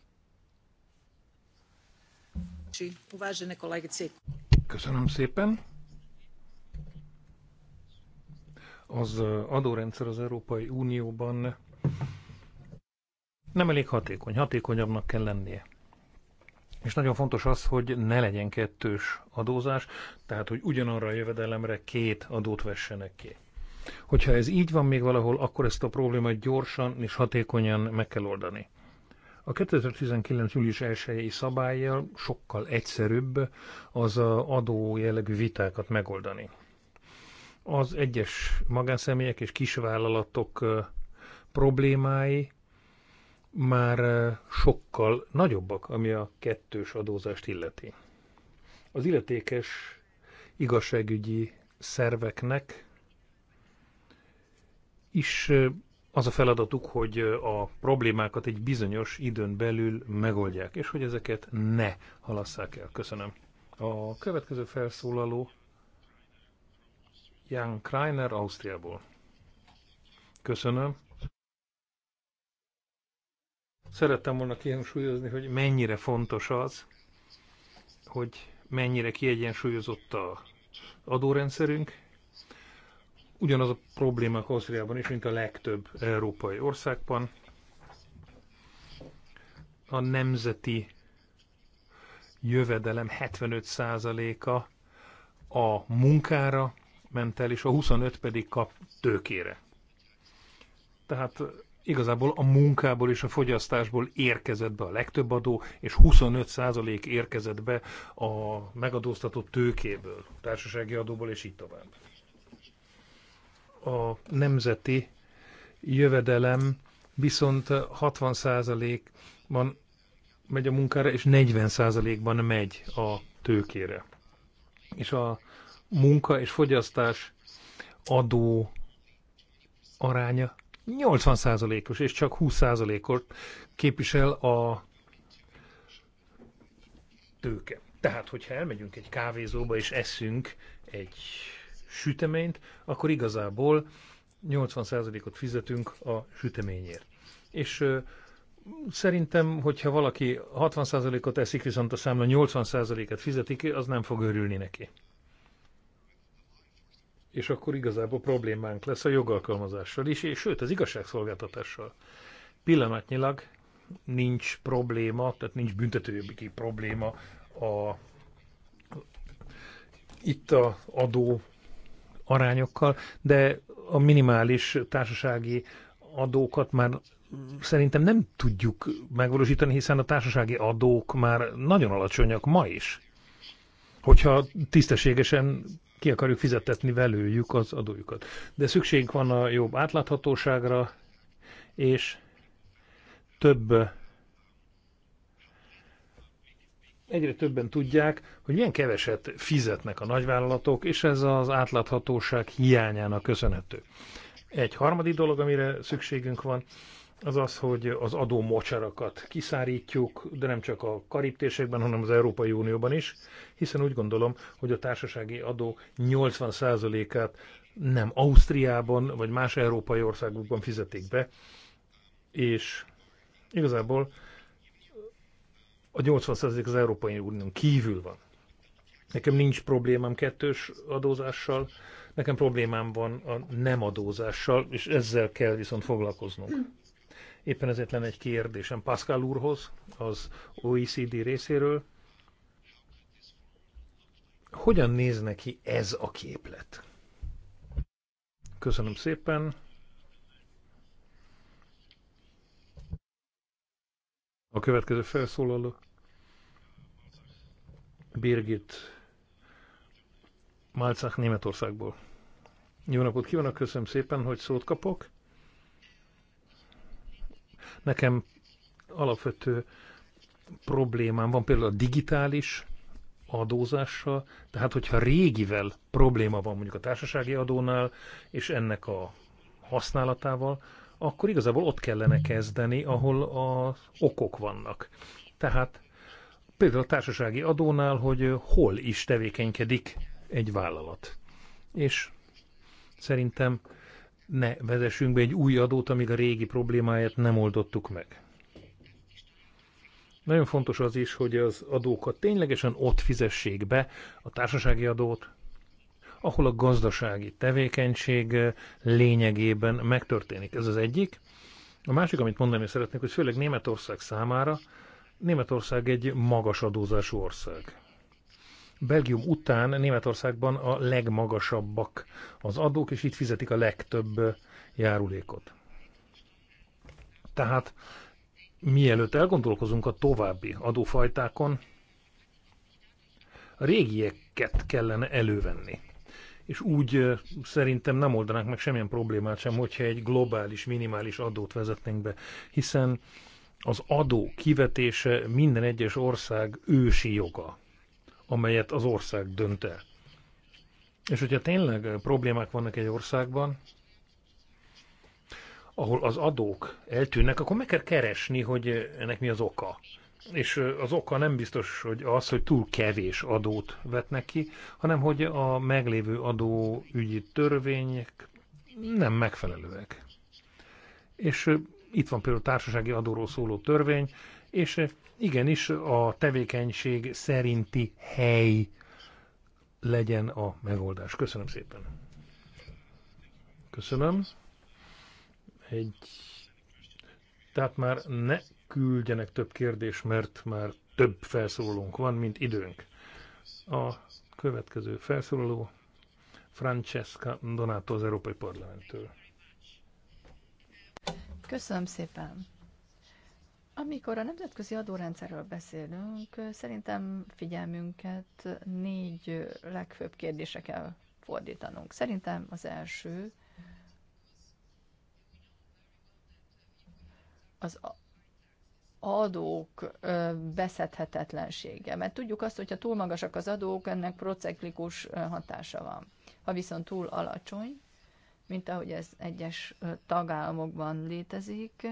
Köszönöm szépen. az adórendszer az Európai Unióban nem elég hatékony, hatékonyabbnak kell lennie. És nagyon fontos az, hogy ne legyen kettős adózás, tehát hogy ugyanarra a jövedelemre két adót vessenek ki. Hogyha ez így van még valahol, akkor ezt a problémát gyorsan és hatékonyan meg kell oldani. A 2019. július 1 szabályjal sokkal egyszerűbb az adó jellegű vitákat megoldani az egyes magánszemélyek és kisvállalatok problémái már sokkal nagyobbak, ami a kettős adózást illeti. Az illetékes igazságügyi szerveknek is az a feladatuk, hogy a problémákat egy bizonyos időn belül megoldják, és hogy ezeket ne halasszák el. Köszönöm. A következő felszólaló Jan Kreiner Ausztriából. Köszönöm. Szerettem volna kihangsúlyozni, hogy mennyire fontos az, hogy mennyire kiegyensúlyozott a adórendszerünk. Ugyanaz a probléma Ausztriában is, mint a legtöbb európai országban. A nemzeti jövedelem 75%-a a munkára ment el, és a 25 pedig kap tőkére. Tehát igazából a munkából és a fogyasztásból érkezett be a legtöbb adó, és 25% érkezett be a megadóztatott tőkéből, társasági adóból, és így tovább. A nemzeti jövedelem viszont 60%-ban megy a munkára, és 40%-ban megy a tőkére. És a munka és fogyasztás adó aránya 80%-os, és csak 20%-ot képvisel a tőke. Tehát, hogyha elmegyünk egy kávézóba és eszünk egy süteményt, akkor igazából 80%-ot fizetünk a süteményért. És ö, szerintem, hogyha valaki 60%-ot eszik, viszont a számla 80%-et fizetik, az nem fog örülni neki és akkor igazából problémánk lesz a jogalkalmazással is, és sőt az igazságszolgáltatással. Pillanatnyilag nincs probléma, tehát nincs büntetőjobbiki probléma a, itt a adó arányokkal, de a minimális társasági adókat már szerintem nem tudjuk megvalósítani, hiszen a társasági adók már nagyon alacsonyak ma is. Hogyha tisztességesen ki akarjuk fizetetni velőjük az adójukat. De szükségünk van a jobb átláthatóságra, és több egyre többen tudják, hogy milyen keveset fizetnek a nagyvállalatok, és ez az átláthatóság hiányának köszönhető. Egy harmadik dolog, amire szükségünk van, az az, hogy az adó mocsarakat kiszárítjuk, de nem csak a karib térségben, hanem az Európai Unióban is, hiszen úgy gondolom, hogy a társasági adó 80%-át nem Ausztriában vagy más európai országokban fizetik be, és igazából a 80% az Európai Unión kívül van. Nekem nincs problémám kettős adózással, nekem problémám van a nem adózással, és ezzel kell viszont foglalkoznunk. Éppen ezért lenne egy kérdésem Pascal úrhoz, az OECD részéről. Hogyan néz neki ez a képlet? Köszönöm szépen. A következő felszólaló Birgit Málcák Németországból. Jó napot kívánok, köszönöm szépen, hogy szót kapok. Nekem alapvető problémám van például a digitális adózással, tehát hogyha régivel probléma van mondjuk a társasági adónál, és ennek a használatával, akkor igazából ott kellene kezdeni, ahol az okok vannak. Tehát például a társasági adónál, hogy hol is tevékenykedik egy vállalat. És szerintem ne vezessünk be egy új adót, amíg a régi problémáját nem oldottuk meg. Nagyon fontos az is, hogy az adókat ténylegesen ott fizessék be, a társasági adót, ahol a gazdasági tevékenység lényegében megtörténik. Ez az egyik. A másik, amit mondani szeretnék, hogy főleg Németország számára, Németország egy magas adózású ország. Belgium után Németországban a legmagasabbak az adók, és itt fizetik a legtöbb járulékot. Tehát mielőtt elgondolkozunk a további adófajtákon, a régieket kellene elővenni. És úgy szerintem nem oldanánk meg semmilyen problémát sem, hogyha egy globális, minimális adót vezetnénk be, hiszen az adó kivetése minden egyes ország ősi joga amelyet az ország dönt el. És hogyha tényleg problémák vannak egy országban, ahol az adók eltűnnek, akkor meg kell keresni, hogy ennek mi az oka. És az oka nem biztos, hogy az, hogy túl kevés adót vetnek ki, hanem hogy a meglévő adóügyi törvények nem megfelelőek. És itt van például társasági adóról szóló törvény, és igenis a tevékenység szerinti hely legyen a megoldás. Köszönöm szépen. Köszönöm. Egy... Tehát már ne küldjenek több kérdést, mert már több felszólónk van, mint időnk. A következő felszóló Francesca Donato az Európai Parlamenttől. Köszönöm szépen. Amikor a nemzetközi adórendszerről beszélünk, szerintem figyelmünket négy legfőbb kérdésre kell fordítanunk. Szerintem az első az adók beszedhetetlensége. Mert tudjuk azt, hogy ha túl magasak az adók, ennek proceklikus hatása van. Ha viszont túl alacsony, mint ahogy ez egyes tagállamokban létezik,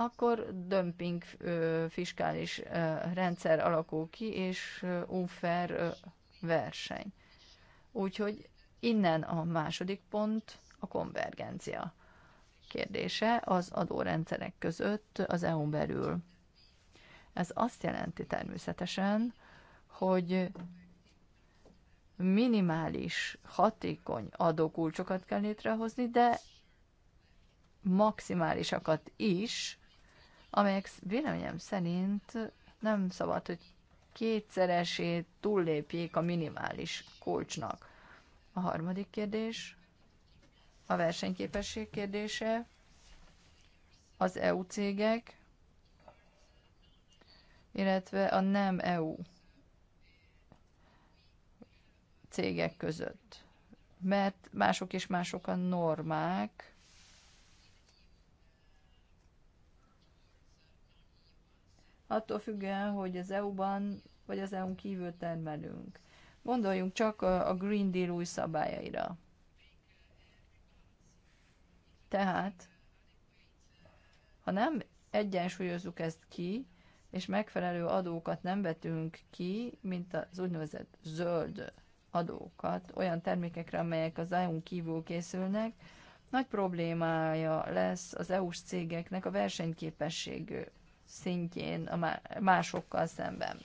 akkor dömping fiskális rendszer alakul ki, és unfair verseny. Úgyhogy innen a második pont a konvergencia kérdése az adórendszerek között az eu belül. Ez azt jelenti természetesen, hogy minimális, hatékony adókulcsokat kell létrehozni, de maximálisakat is, amelyek véleményem szerint nem szabad, hogy kétszeresét túllépjék a minimális kulcsnak. A harmadik kérdés, a versenyképesség kérdése, az EU cégek, illetve a nem EU cégek között. Mert mások és mások a normák, attól függően, hogy az EU-ban vagy az EU-n kívül termelünk. Gondoljunk csak a Green Deal új szabályaira. Tehát, ha nem egyensúlyozzuk ezt ki, és megfelelő adókat nem vetünk ki, mint az úgynevezett zöld adókat, olyan termékekre, amelyek az eu kívül készülnek, nagy problémája lesz az EU-s cégeknek a versenyképesség szintjén a másokkal szemben.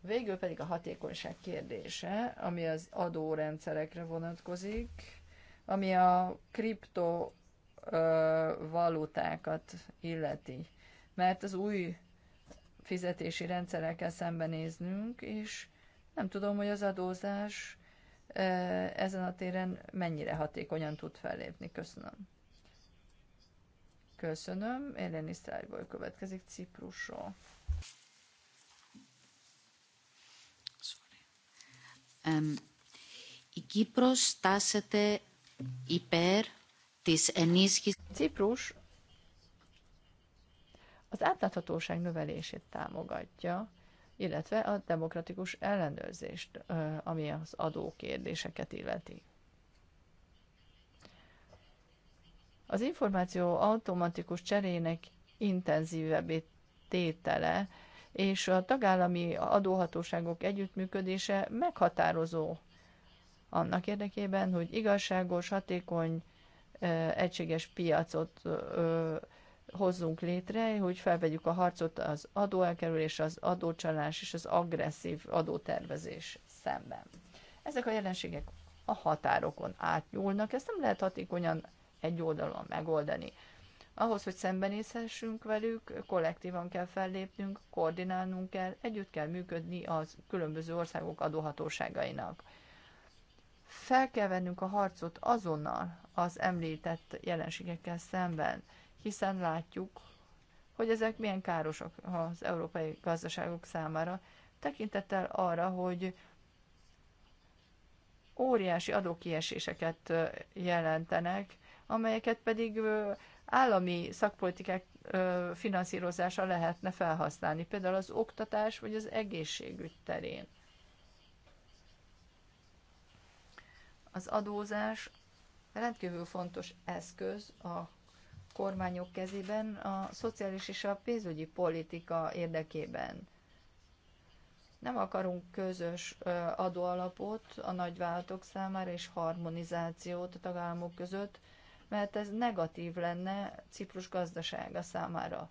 Végül pedig a hatékonyság kérdése, ami az adórendszerekre vonatkozik, ami a kriptovalutákat illeti. Mert az új fizetési rendszerekkel szembenéznünk, és nem tudom, hogy az adózás ezen a téren mennyire hatékonyan tud fellépni. Köszönöm. Köszönöm. Eleni Sztrájból következik Ciprusról. Um, η Κύπρος στάσεται υπέρ της ενίσχυσης... Ciprus az átláthatóság növelését támogatja, illetve a demokratikus ellenőrzést, ami az adókérdéseket illeti. Az információ automatikus cserének intenzívebb tétele és a tagállami adóhatóságok együttműködése meghatározó annak érdekében, hogy igazságos, hatékony, egységes piacot hozzunk létre, hogy felvegyük a harcot az adóelkerülés, az adócsalás és az agresszív adótervezés szemben. Ezek a jelenségek a határokon átnyúlnak, ezt nem lehet hatékonyan egy oldalon megoldani. Ahhoz, hogy szembenézhessünk velük, kollektívan kell fellépnünk, koordinálnunk kell, együtt kell működni az különböző országok adóhatóságainak. Fel kell vennünk a harcot azonnal az említett jelenségekkel szemben, hiszen látjuk, hogy ezek milyen károsak az európai gazdaságok számára, tekintettel arra, hogy óriási adókieséseket jelentenek, amelyeket pedig állami szakpolitikák finanszírozása lehetne felhasználni, például az oktatás vagy az egészségügy terén. Az adózás rendkívül fontos eszköz a kormányok kezében a szociális és a pénzügyi politika érdekében. Nem akarunk közös adóalapot a nagyvállalatok számára és harmonizációt a tagállamok között, mert ez negatív lenne Ciprus gazdasága számára.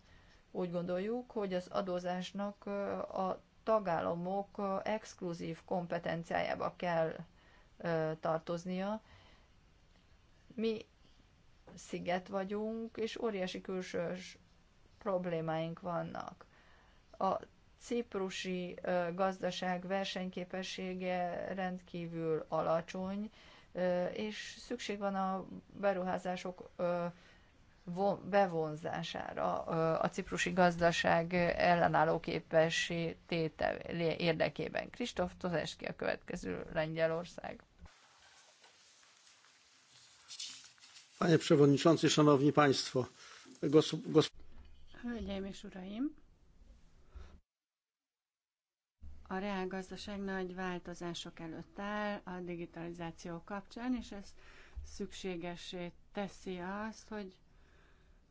Úgy gondoljuk, hogy az adózásnak a tagállamok exkluzív kompetenciájába kell tartoznia. Mi sziget vagyunk, és óriási külsős problémáink vannak. A ciprusi gazdaság versenyképessége rendkívül alacsony, és szükség van a beruházások bevonzására a ciprusi gazdaság ellenálló képessé téte érdekében. Kristóf Tozeski a következő Lengyelország. Panie Przewodniczący, Szanowni Państwo, Hölgyeim és Uraim! a reálgazdaság nagy változások előtt áll a digitalizáció kapcsán, és ez szükségessé teszi azt, hogy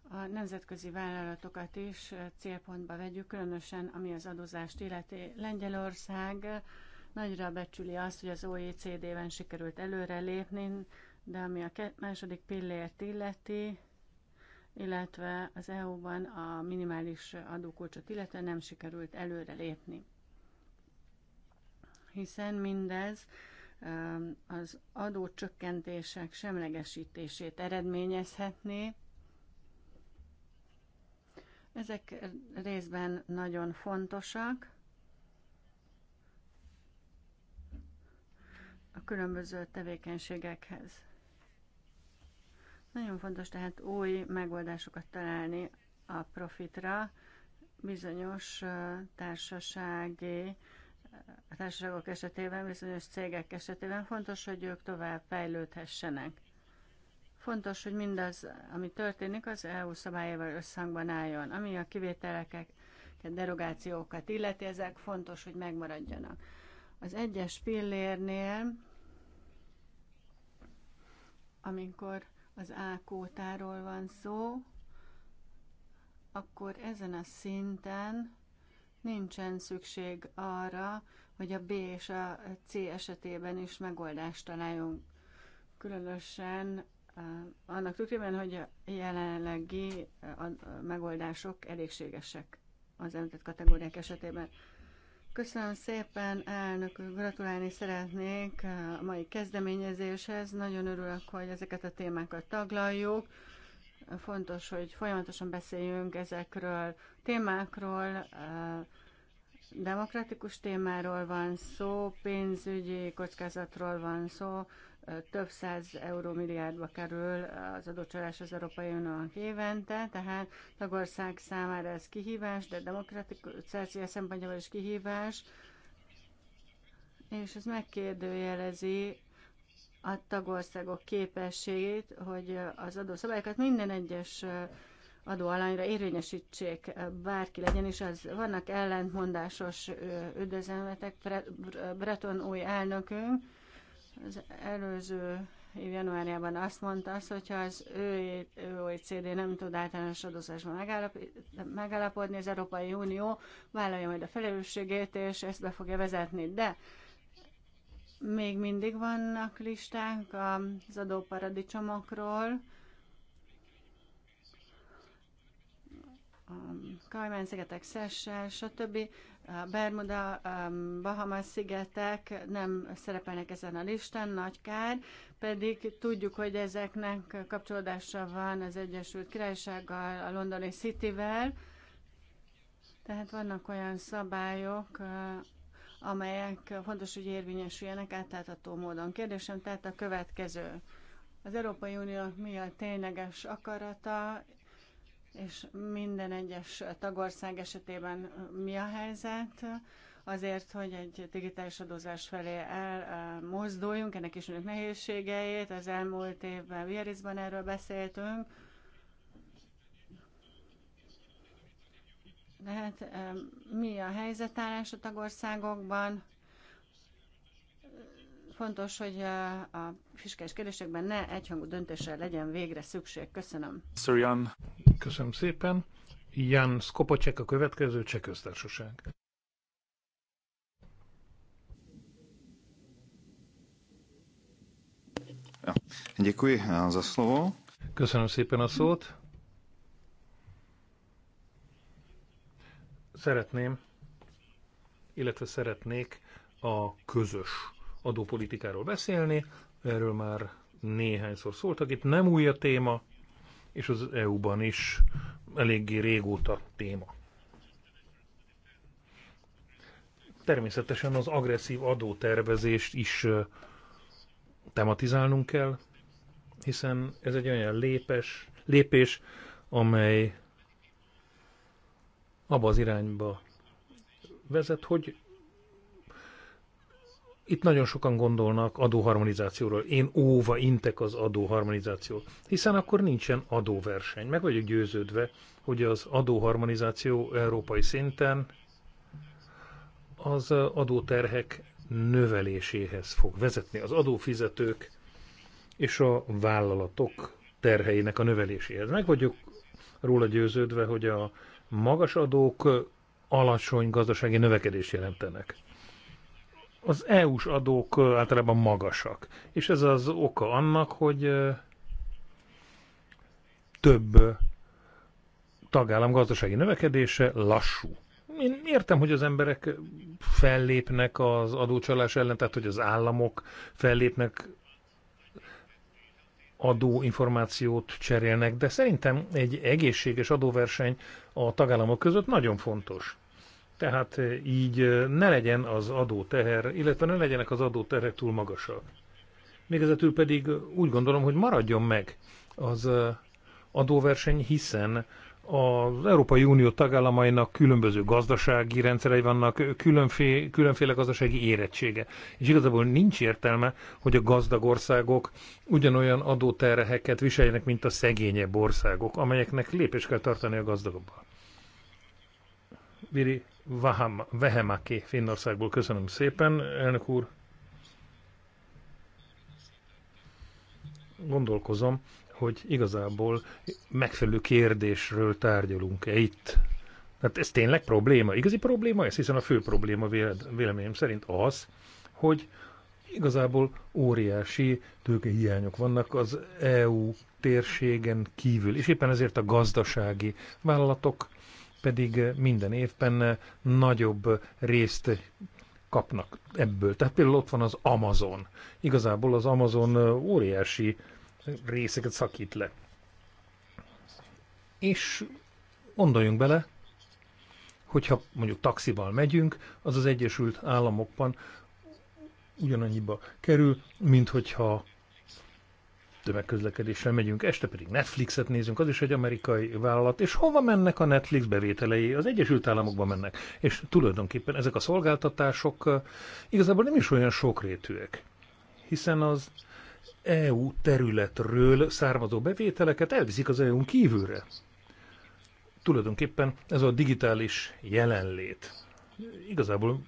a nemzetközi vállalatokat is célpontba vegyük, különösen ami az adózást illeti. Lengyelország nagyra becsüli azt, hogy az OECD-ben sikerült előrelépni, de ami a második pillért illeti, illetve az EU-ban a minimális adókulcsot illetve nem sikerült előrelépni hiszen mindez az adócsökkentések semlegesítését eredményezhetné. Ezek részben nagyon fontosak. a különböző tevékenységekhez. Nagyon fontos tehát új megoldásokat találni a profitra, bizonyos társasági a társaságok esetében, bizonyos cégek esetében fontos, hogy ők tovább fejlődhessenek. Fontos, hogy mindaz, ami történik, az EU szabályával összhangban álljon. Ami a kivételeket, derogációkat illeti, ezek fontos, hogy megmaradjanak. Az egyes pillérnél, amikor az ákótáról van szó, akkor ezen a szinten nincsen szükség arra, hogy a B és a C esetében is megoldást találjunk. Különösen eh, annak tükrében, hogy a jelenlegi eh, megoldások elégségesek az említett kategóriák esetében. Köszönöm szépen, elnök gratulálni szeretnék eh, a mai kezdeményezéshez. Nagyon örülök, hogy ezeket a témákat taglaljuk. Fontos, hogy folyamatosan beszéljünk ezekről témákról, eh, demokratikus témáról van szó, pénzügyi kockázatról van szó, eh, több száz euró milliárdba kerül az adócsalás az Európai Uniónak évente, tehát tagország számára ez kihívás, de demokratikus szempontjából is kihívás, és ez megkérdőjelezi a tagországok képességét, hogy az adószabályokat minden egyes adóalányra érvényesítsék, bárki legyen, és az vannak ellentmondásos üdvözlőmetek. Breton új elnökünk az előző év januárjában azt mondta, azt, hogyha az ő OECD nem tud általános adózásban megállapodni, az Európai Unió vállalja majd a felelősségét, és ezt be fogja vezetni. De még mindig vannak listák az adóparadicsomokról. Kajmán szigetek, Szessel, stb. Bermuda, Bahamas szigetek nem szerepelnek ezen a listán, nagy kár, pedig tudjuk, hogy ezeknek kapcsolódása van az Egyesült Királysággal, a londoni Cityvel, tehát vannak olyan szabályok, amelyek fontos, hogy érvényesüljenek átlátható módon. Kérdésem tehát a következő. Az Európai Unió mi a tényleges akarata, és minden egyes tagország esetében mi a helyzet, azért, hogy egy digitális adózás felé elmozduljunk, eh, ennek is önök nehézségeit. Az elmúlt évben Viarizban erről beszéltünk, lehet, mi a helyzetállás a tagországokban? Fontos, hogy a fiskális kérdésekben ne egyhangú döntésre legyen végre szükség. Köszönöm. Jan. Köszönöm szépen. Jan Skopocsek a következő Cseh Köztársaság. Děkuji eh, za slovo. Köszönöm szépen a szót. szeretném, illetve szeretnék a közös adópolitikáról beszélni, erről már néhányszor szóltak, itt nem új a téma, és az EU-ban is eléggé régóta téma. Természetesen az agresszív adótervezést is tematizálnunk kell, hiszen ez egy olyan lépes, lépés, amely abba az irányba vezet, hogy itt nagyon sokan gondolnak adóharmonizációról. Én óva intek az adóharmonizáció, hiszen akkor nincsen adóverseny. Meg vagyok győződve, hogy az adóharmonizáció európai szinten az adóterhek növeléséhez fog vezetni. Az adófizetők és a vállalatok terheinek a növeléséhez. Meg vagyok róla győződve, hogy a magas adók alacsony gazdasági növekedést jelentenek. Az EU-s adók általában magasak, és ez az oka annak, hogy több tagállam gazdasági növekedése lassú. Én értem, hogy az emberek fellépnek az adócsalás ellen, tehát hogy az államok fellépnek adóinformációt cserélnek, de szerintem egy egészséges adóverseny a tagállamok között nagyon fontos. Tehát eh, így eh, ne legyen az adóteher, illetve ne legyenek az adóterhek túl magasak. Végezetül pedig úgy gondolom, hogy maradjon meg az eh, adóverseny, hiszen az Európai Unió tagállamainak különböző gazdasági rendszerei vannak, különféle, különféle gazdasági érettsége. És igazából nincs értelme, hogy a gazdag országok ugyanolyan adóterheket viseljenek, mint a szegényebb országok, amelyeknek lépést kell tartani a gazdagokban. Viri Vehemaki Finnországból köszönöm szépen, elnök úr. Gondolkozom, hogy igazából megfelelő kérdésről tárgyalunk-e itt. Tehát ez tényleg probléma? Igazi probléma ez? Hiszen a fő probléma véleményem szerint az, hogy igazából óriási tőkehiányok vannak az EU térségen kívül, és éppen ezért a gazdasági vállalatok pedig minden évben nagyobb részt kapnak ebből. Tehát például ott van az Amazon. Igazából az Amazon óriási részeket szakít le. És gondoljunk bele, hogyha mondjuk taxival megyünk, az az Egyesült Államokban ugyanannyiba kerül, mint hogyha tömegközlekedésre megyünk, este pedig Netflixet nézünk, az is egy amerikai vállalat, és hova mennek a Netflix bevételei? Az Egyesült Államokba mennek. És tulajdonképpen ezek a szolgáltatások eh, igazából nem is olyan sokrétűek, hiszen az EU területről származó bevételeket elviszik az EU-n kívülre. Tulajdonképpen ez a digitális jelenlét. Igazából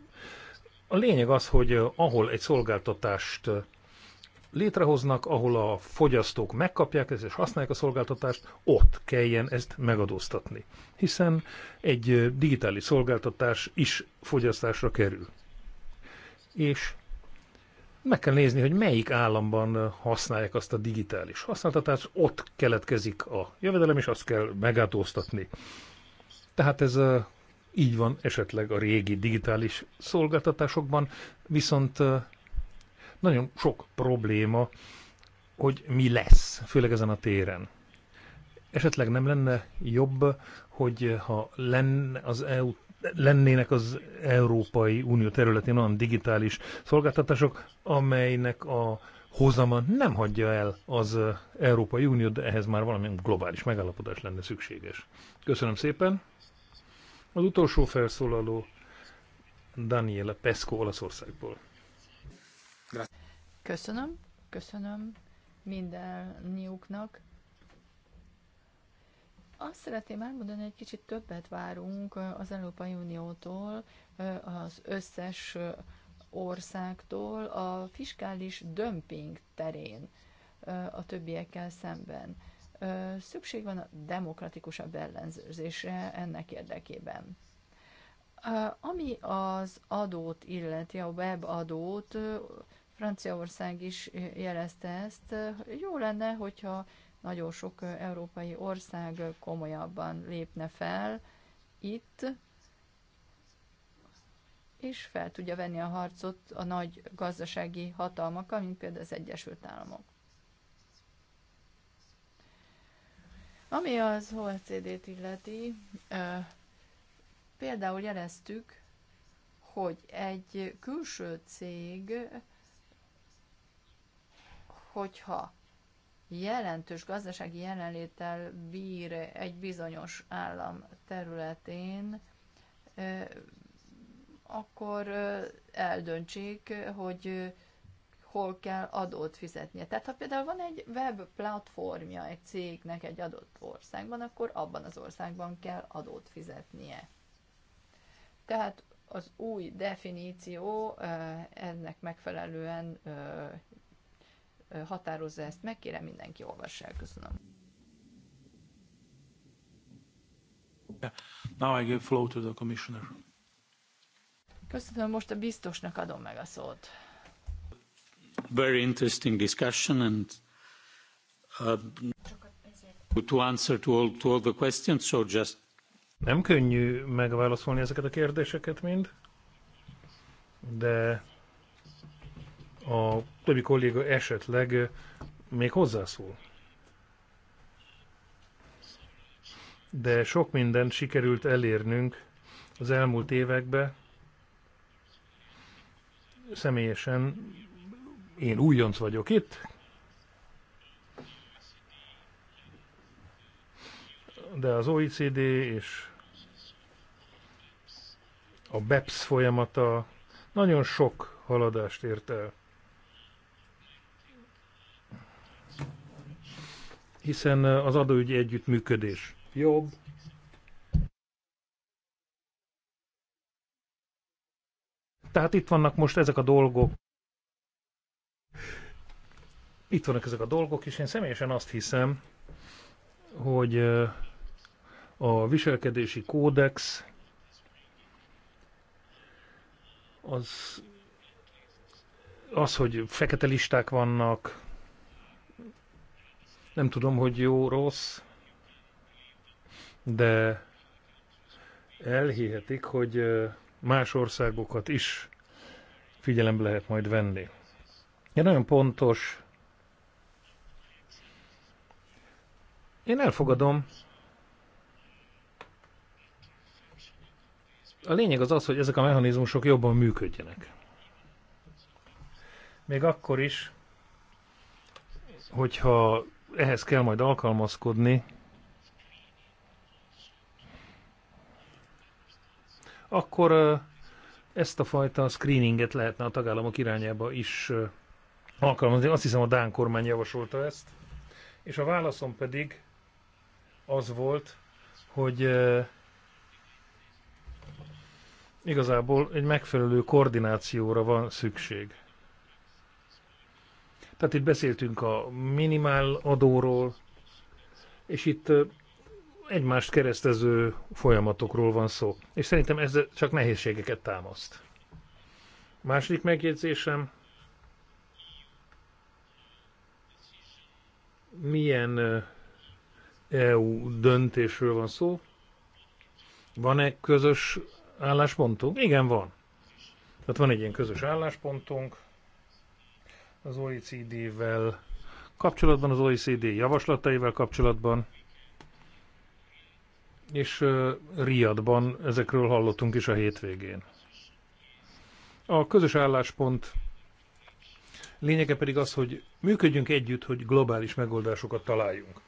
a lényeg az, hogy ahol egy szolgáltatást létrehoznak, ahol a fogyasztók megkapják ezt és használják a szolgáltatást, ott kelljen ezt megadóztatni. Hiszen egy digitális szolgáltatás is fogyasztásra kerül. És meg kell nézni, hogy melyik államban eh, használják azt a digitális használtatást, ott keletkezik a jövedelem, és azt kell megátóztatni. Tehát ez eh, így van esetleg a régi digitális szolgáltatásokban, viszont eh, nagyon sok probléma, hogy mi lesz, főleg ezen a téren. Esetleg nem lenne jobb, hogy ha lenne az EU lennének az Európai Unió területén olyan digitális szolgáltatások, amelynek a hozama nem hagyja el az Európai Unió, de ehhez már valamilyen globális megállapodás lenne szükséges. Köszönöm szépen. Az utolsó felszólaló Daniela Pesco Olaszországból. Köszönöm, köszönöm minden mindennyiuknak. Azt szeretném elmondani, hogy egy kicsit többet várunk az Európai Uniótól, az összes országtól a fiskális dömping terén a többiekkel szemben. Szükség van a demokratikusabb ellenzőzésre ennek érdekében. Ami az adót illeti, a webadót, Franciaország is jelezte ezt, jó lenne, hogyha nagyon sok európai ország komolyabban lépne fel itt, és fel tudja venni a harcot a nagy gazdasági hatalmakkal, mint például az Egyesült Államok. Ami az OECD-t illeti, például jeleztük, hogy egy külső cég, hogyha jelentős gazdasági jelenléttel bír egy bizonyos állam területén, akkor eldöntsék, hogy hol kell adót fizetnie. Tehát ha például van egy web platformja egy cégnek egy adott országban, akkor abban az országban kell adót fizetnie. Tehát az új definíció ennek megfelelően határozza ezt meg, kérem mindenki el, Köszönöm. Now I give flow to the commissioner. Köszönöm, most a biztosnak adom meg a szót. Very interesting discussion and uh, to answer to all, to all the questions, so just nem könnyű megválaszolni ezeket a kérdéseket mind, de a többi kolléga esetleg még hozzászól. De sok mindent sikerült elérnünk az elmúlt években. Személyesen én újonc vagyok itt, de az OECD és a BEPS folyamata nagyon sok haladást ért el. hiszen az adóügyi együttműködés jobb, Tehát itt vannak most ezek a dolgok. Itt vannak ezek a dolgok, és én személyesen azt hiszem, hogy a viselkedési kódex az, az, hogy fekete listák vannak, nem tudom, hogy jó-rossz, de elhihetik, hogy más országokat is figyelembe lehet majd venni. Én nagyon pontos. Én elfogadom. A lényeg az az, hogy ezek a mechanizmusok jobban működjenek. Még akkor is, hogyha ehhez kell majd alkalmazkodni. Akkor ezt a fajta screeninget lehetne a tagállamok irányába is alkalmazni. Azt hiszem a Dán kormány javasolta ezt. És a válaszom pedig az volt, hogy igazából egy megfelelő koordinációra van szükség. Tehát itt beszéltünk a minimál adóról, és itt egymást keresztező folyamatokról van szó. És szerintem ez csak nehézségeket támaszt. Második megjegyzésem, milyen EU döntésről van szó? Van-e közös álláspontunk? Igen, van. Tehát van egy ilyen közös álláspontunk, az OECD-vel kapcsolatban, az OECD javaslataival kapcsolatban, és Riadban ezekről hallottunk is a hétvégén. A közös álláspont lényege pedig az, hogy működjünk együtt, hogy globális megoldásokat találjunk.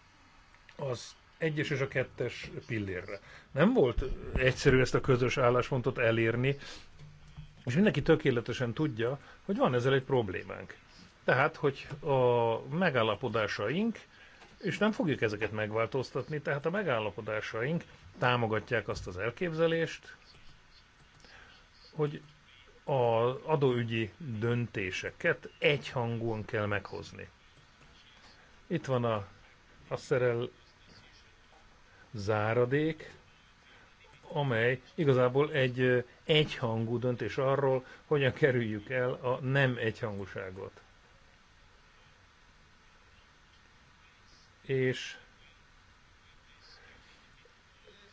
Az egyes és a kettes pillérre. Nem volt egyszerű ezt a közös álláspontot elérni, és mindenki tökéletesen tudja, hogy van ezzel egy problémánk. Tehát, hogy a megállapodásaink, és nem fogjuk ezeket megváltoztatni, tehát a megállapodásaink támogatják azt az elképzelést, hogy az adóügyi döntéseket egyhangúan kell meghozni. Itt van a, a szerel záradék, amely igazából egy egyhangú döntés arról, hogyan kerüljük el a nem egyhangúságot. és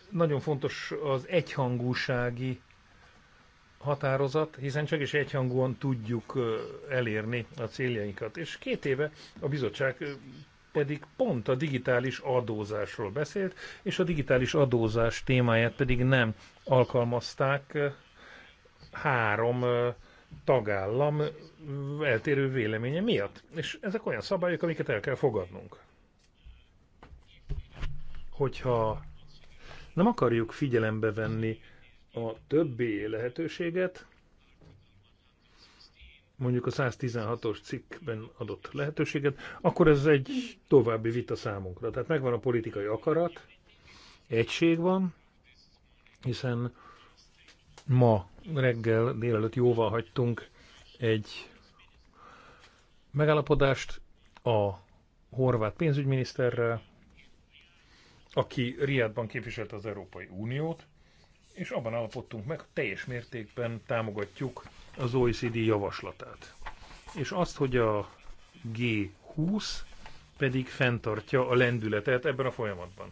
nagyon fontos az egyhangúsági határozat, hiszen csak is egyhangúan tudjuk elérni a céljainkat. És két éve a bizottság pedig pont a digitális adózásról beszélt, és a digitális adózás témáját pedig nem alkalmazták három tagállam eltérő véleménye miatt. És ezek olyan szabályok, amiket el kell fogadnunk hogyha nem akarjuk figyelembe venni a többi lehetőséget, mondjuk a 116-os cikkben adott lehetőséget, akkor ez egy további vita számunkra. Tehát megvan a politikai akarat, egység van, hiszen ma reggel délelőtt jóval hagytunk egy megállapodást a horvát pénzügyminiszterrel, aki Riadban képviselte az Európai Uniót, és abban állapodtunk meg, hogy teljes mértékben támogatjuk az OECD javaslatát. És azt, hogy a G20 pedig fenntartja a lendületet ebben a folyamatban.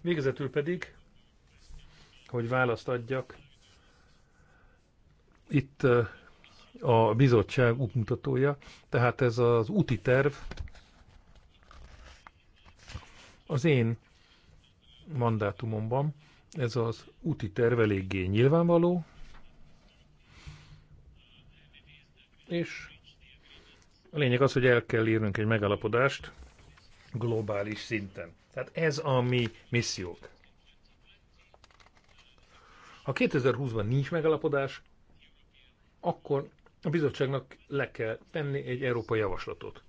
Végezetül pedig, hogy választ adjak, itt a bizottság útmutatója, tehát ez az úti terv az én mandátumomban ez az úti terv eléggé nyilvánvaló, és a lényeg az, hogy el kell írnunk egy megalapodást globális szinten. Tehát ez a mi missziók. Ha 2020-ban nincs megalapodás, akkor a bizottságnak le kell tenni egy európai javaslatot.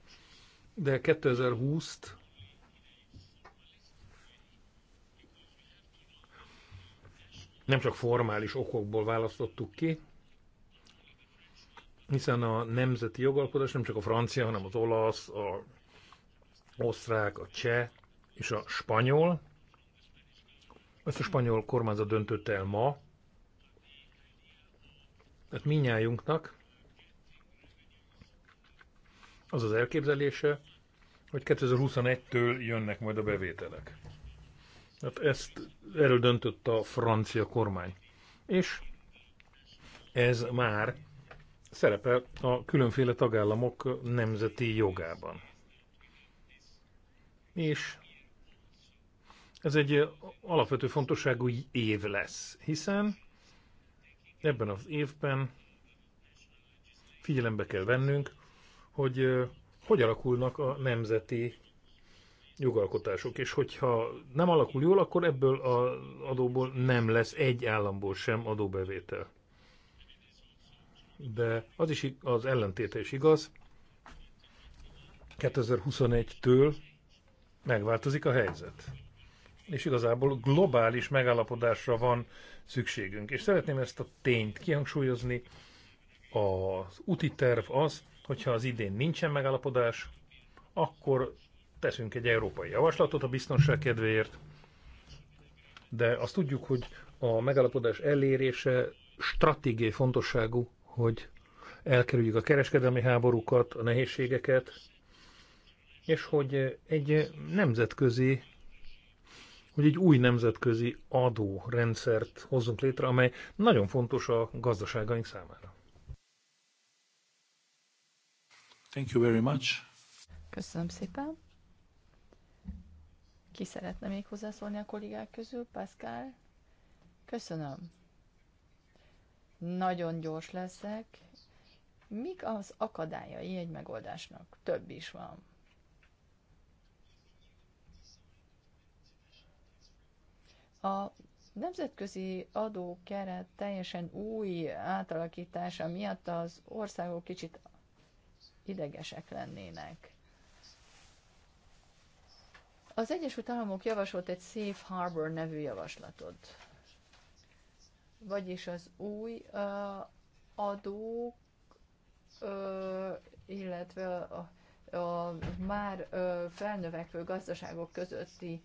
De 2020-t nem csak formális okokból választottuk ki, hiszen a nemzeti jogalkotás nem csak a francia, hanem az olasz, a osztrák, a cseh és a spanyol. Ezt a spanyol kormányzat döntött el ma. Tehát minnyájunknak az az elképzelése, hogy 2021-től jönnek majd a bevételek. Tehát ezt erről döntött a francia kormány. És ez már szerepel a különféle tagállamok nemzeti jogában. És ez egy alapvető fontosságú év lesz, hiszen ebben az évben figyelembe kell vennünk, hogy hogy alakulnak a nemzeti jogalkotások, és hogyha nem alakul jól, akkor ebből az adóból nem lesz egy államból sem adóbevétel. De az is az ellentéte is igaz. 2021-től megváltozik a helyzet. És igazából globális megállapodásra van szükségünk. És szeretném ezt a tényt kihangsúlyozni. Az úti terv az, hogyha az idén nincsen megállapodás, akkor teszünk egy európai javaslatot a biztonság kedvéért, de azt tudjuk, hogy a megállapodás elérése stratégiai fontosságú, hogy elkerüljük a kereskedelmi háborúkat, a nehézségeket, és hogy egy nemzetközi, hogy egy új nemzetközi adórendszert hozzunk létre, amely nagyon fontos a gazdaságaink számára. Thank you very much. Köszönöm szépen. Ki szeretne még hozzászólni a kollégák közül? Pascal? Köszönöm. Nagyon gyors leszek. Mik az akadályai egy megoldásnak? Több is van. A nemzetközi adókeret teljesen új átalakítása miatt az országok kicsit idegesek lennének. Az Egyesült Államok javasolt egy Safe Harbor nevű javaslatot, vagyis az új uh, adók, uh, illetve a, a már uh, felnövekvő gazdaságok közötti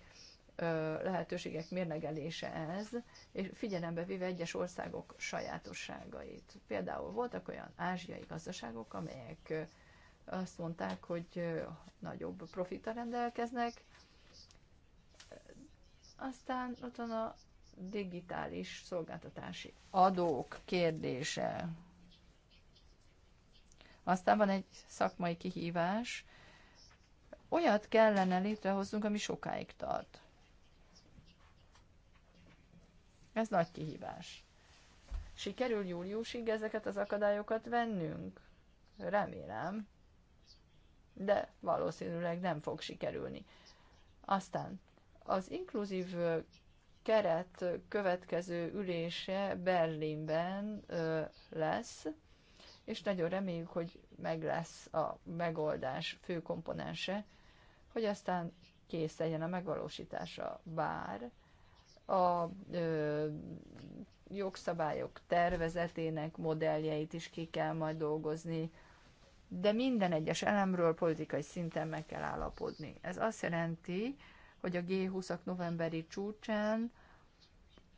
lehetőségek mérlegelése ez, és figyelembe véve egyes országok sajátosságait. Például voltak olyan ázsiai gazdaságok, amelyek azt mondták, hogy nagyobb profita rendelkeznek, aztán ott van a digitális szolgáltatási adók kérdése. Aztán van egy szakmai kihívás. Olyat kellene létrehoznunk, ami sokáig tart. Ez nagy kihívás. Sikerül júliusig ezeket az akadályokat vennünk? Remélem. De valószínűleg nem fog sikerülni. Aztán az inkluzív keret következő ülése Berlinben lesz, és nagyon reméljük, hogy meg lesz a megoldás fő komponense, hogy aztán kész legyen a megvalósítása. Bár a ö, jogszabályok tervezetének modelljeit is ki kell majd dolgozni, de minden egyes elemről politikai szinten meg kell állapodni. Ez azt jelenti, hogy a G20-ak novemberi csúcsán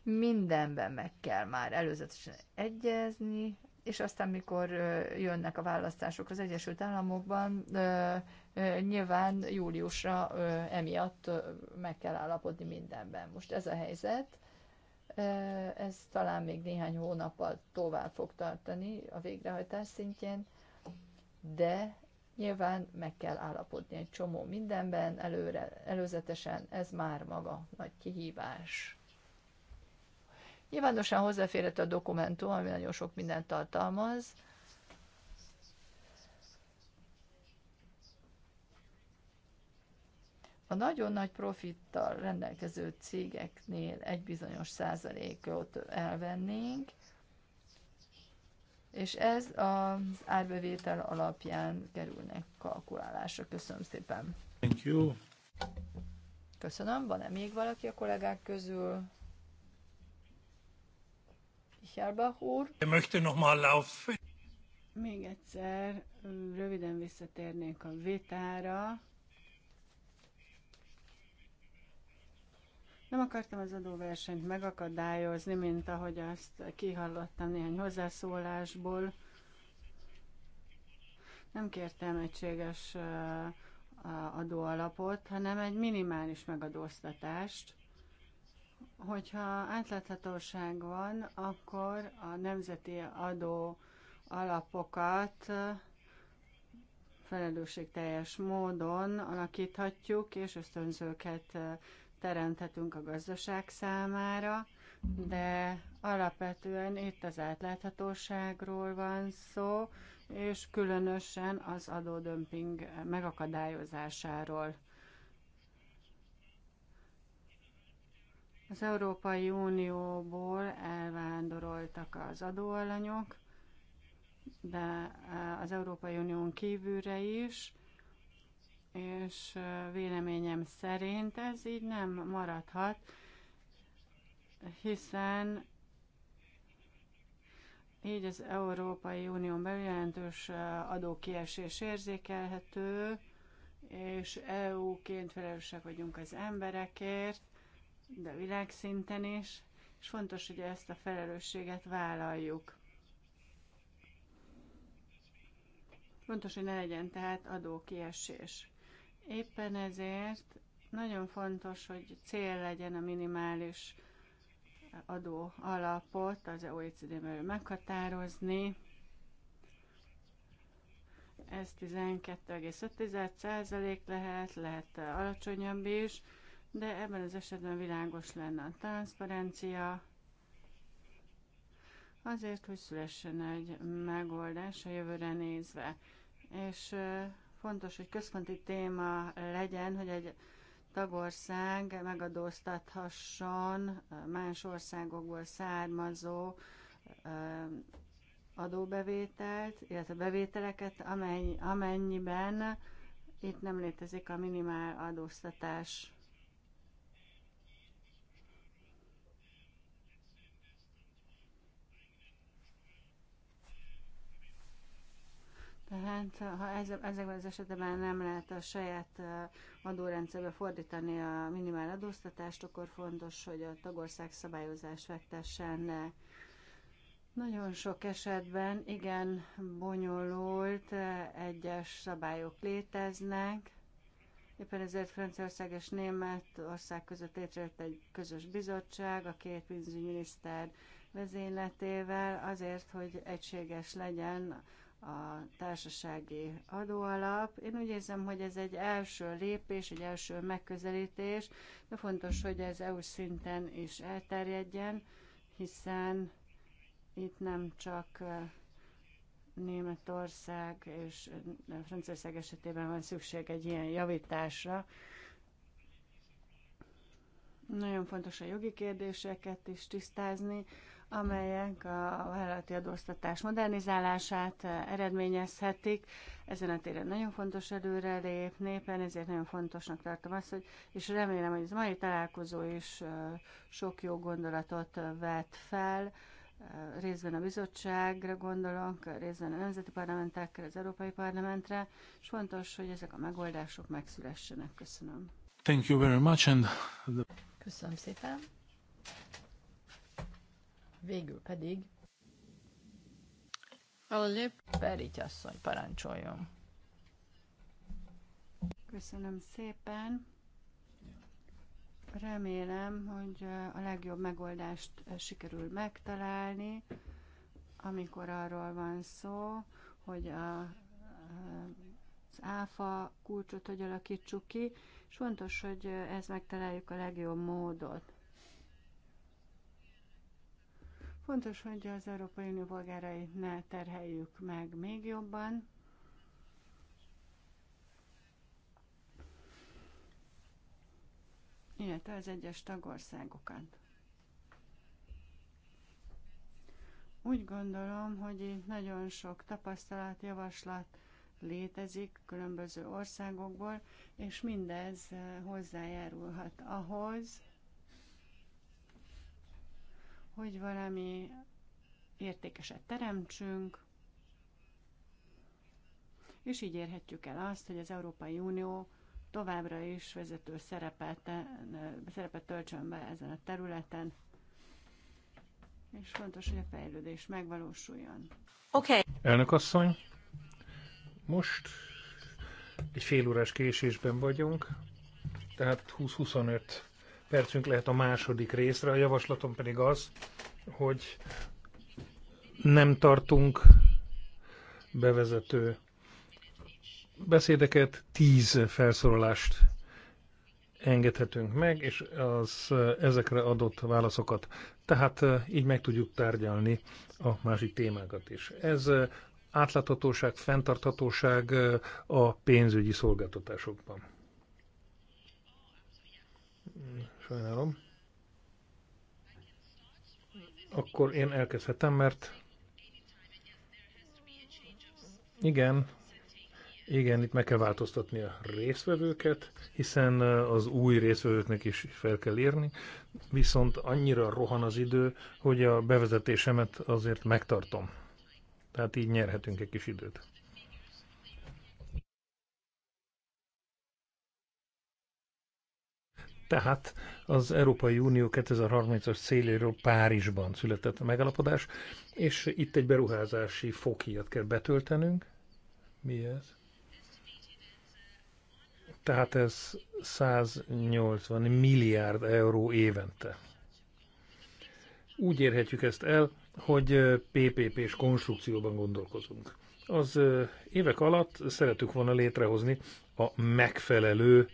mindenben meg kell már előzetesen egyezni, és aztán, mikor jönnek a választások az Egyesült Államokban, nyilván júliusra emiatt meg kell állapodni mindenben. Most ez a helyzet, ez talán még néhány hónappal tovább fog tartani a végrehajtás szintjén, de Nyilván meg kell állapodni egy csomó mindenben, előre, előzetesen ez már maga nagy kihívás. Nyilvánosan hozzáférhető a dokumentum, ami nagyon sok mindent tartalmaz. A nagyon nagy profittal rendelkező cégeknél egy bizonyos százalékot elvennénk, és ez az árbevétel alapján kerülnek kalkulálásra. Köszönöm szépen. Thank you. Köszönöm. Van-e még valaki a kollégák közül? Hjelbach úr. Még egyszer röviden visszatérnék a vétára. Nem akartam az adóversenyt megakadályozni, mint ahogy azt kihallottam néhány hozzászólásból. Nem kértem egységes adóalapot, hanem egy minimális megadóztatást. Hogyha átláthatóság van, akkor a nemzeti adó alapokat felelősségteljes módon alakíthatjuk, és ösztönzőket teremthetünk a gazdaság számára, de alapvetően itt az átláthatóságról van szó, és különösen az adódömping megakadályozásáról. Az Európai Unióból elvándoroltak az adóalanyok, de eh, az Európai Unión kívülre is, és véleményem szerint ez így nem maradhat, hiszen így az Európai Unión belül jelentős adókiesés érzékelhető, és EU-ként felelősek vagyunk az emberekért, de világszinten is, és fontos, hogy ezt a felelősséget vállaljuk. Fontos, hogy ne legyen tehát adókiesés. Éppen ezért nagyon fontos, hogy cél legyen a minimális adó alapot az OECD belül meghatározni. Ez 12,5% lehet, lehet alacsonyabb is, de ebben az esetben világos lenne a transzparencia, azért, hogy szülessen egy megoldás a jövőre nézve. És Fontos, hogy központi téma legyen, hogy egy tagország megadóztathasson más országokból származó adóbevételt, illetve bevételeket, amennyiben itt nem létezik a minimál adóztatás. Tehát ha ez, ezekben az esetekben nem lehet a saját adórendszerbe fordítani a minimál adóztatást, akkor fontos, hogy a tagország szabályozás vettessen le. Nagyon sok esetben igen bonyolult egyes szabályok léteznek, Éppen ezért Franciaország és Németország között létrejött egy közös bizottság a két pénzügyminiszter vezényletével azért, hogy egységes legyen a társasági adóalap. Én úgy érzem, hogy ez egy első lépés, egy első megközelítés, de fontos, hogy ez EU szinten is elterjedjen, hiszen itt nem csak Németország és Franciaország esetében van szükség egy ilyen javításra. Nagyon fontos a jogi kérdéseket is tisztázni, amelyek a vállalati adóztatás modernizálását eh, eredményezhetik. Ezen a téren nagyon fontos előre lépni, éppen ezért nagyon fontosnak tartom azt, hogy, és remélem, hogy ez a mai találkozó is eh, sok jó gondolatot eh, vet fel, részben a bizottságra gondolok, részben a nemzeti parlamentekre, az Európai Parlamentre, és fontos, hogy ezek a megoldások megszülessenek. Köszönöm. Thank you very much and... Köszönöm szépen. Végül pedig Perit asszony, parancsoljon. Köszönöm szépen. Remélem, hogy a legjobb megoldást sikerül megtalálni, amikor arról van szó, hogy a, az áfa kulcsot hogy alakítsuk ki, és fontos, hogy ezt megtaláljuk a legjobb módot. Fontos, hogy az Európai Unió polgárait ne terheljük meg még jobban. illetve az egyes tagországokat. Úgy gondolom, hogy itt nagyon sok tapasztalat, javaslat létezik különböző országokból, és mindez eh, hozzájárulhat ahhoz, hogy valami értékeset teremtsünk, és így érhetjük el azt, hogy az Európai Unió továbbra is vezető szerepet, szerepet töltsön be ezen a területen, és fontos, hogy a fejlődés megvalósuljon. Oké. Okay. Elnök asszony, most egy fél órás késésben vagyunk, tehát 20-25 percünk lehet a második részre, a javaslatom pedig az, hogy nem tartunk bevezető beszédeket, tíz felszólalást engedhetünk meg, és az ezekre adott válaszokat. Tehát eh, így meg tudjuk tárgyalni a másik témákat is. Ez eh, átláthatóság, fenntarthatóság eh, a pénzügyi szolgáltatásokban. Sajnálom. Akkor én elkezdhetem, mert igen, igen, itt meg kell változtatni a részvevőket, hiszen az új részvevőknek is fel kell írni, viszont annyira rohan az idő, hogy a bevezetésemet azért megtartom. Tehát így nyerhetünk egy kis időt. Tehát az Európai Unió 2030-as céléről Párizsban született a megalapodás, és itt egy beruházási fokhíjat kell betöltenünk. Mi ez? Tehát ez 180 milliárd euró évente. Úgy érhetjük ezt el, hogy PPP-s konstrukcióban gondolkozunk. Az évek alatt szeretük volna létrehozni a megfelelő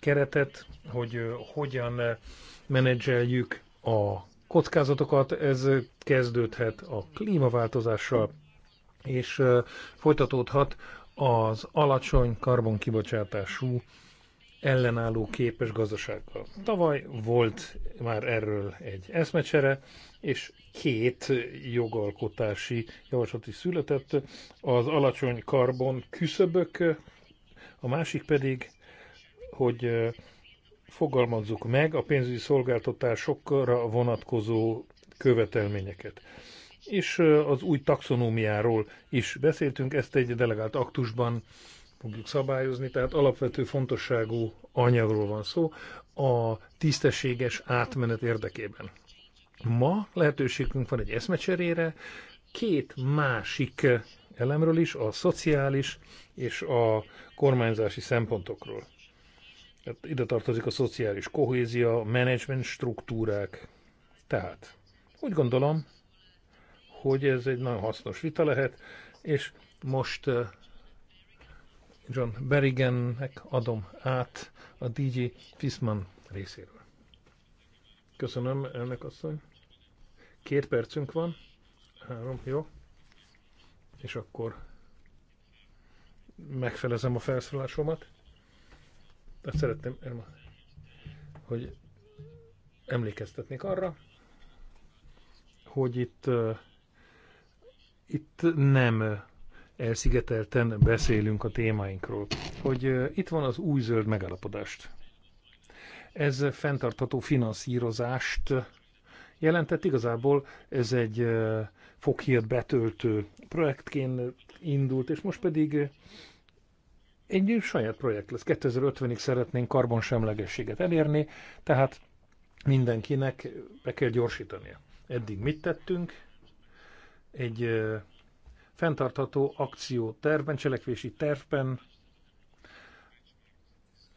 keretet, hogy hogyan menedzseljük a kockázatokat. Ez kezdődhet a klímaváltozással, és folytatódhat az alacsony karbonkibocsátású ellenálló képes gazdasággal. Tavaly volt már erről egy eszmecsere, és két jogalkotási javaslat is született, az alacsony karbon küszöbök, a másik pedig hogy fogalmazzuk meg a pénzügyi szolgáltatásokra vonatkozó követelményeket. És az új taxonómiáról is beszéltünk, ezt egy delegált aktusban fogjuk szabályozni, tehát alapvető fontosságú anyagról van szó a tisztességes átmenet érdekében. Ma lehetőségünk van egy eszmecserére, két másik elemről is, a szociális és a kormányzási szempontokról. Tehát ide tartozik a szociális kohézia, a menedzsment struktúrák. Tehát úgy gondolom, hogy ez egy nagyon hasznos vita lehet, és most eh, John Berigennek adom át a DJ Fisman részéről. Köszönöm, elnök asszony. Két percünk van. Három, jó. És akkor megfelezem a felszólásomat azt szeretném hogy emlékeztetnék arra, hogy itt, itt nem elszigetelten beszélünk a témáinkról, hogy itt van az új zöld megállapodást. Ez fenntartható finanszírozást jelentett igazából, ez egy foghírt betöltő projektként indult, és most pedig egy saját projekt lesz. 2050-ig szeretnénk karbonsemlegességet elérni, tehát mindenkinek be kell gyorsítania. Eddig mit tettünk? Egy fenntartható akció tervben, cselekvési tervben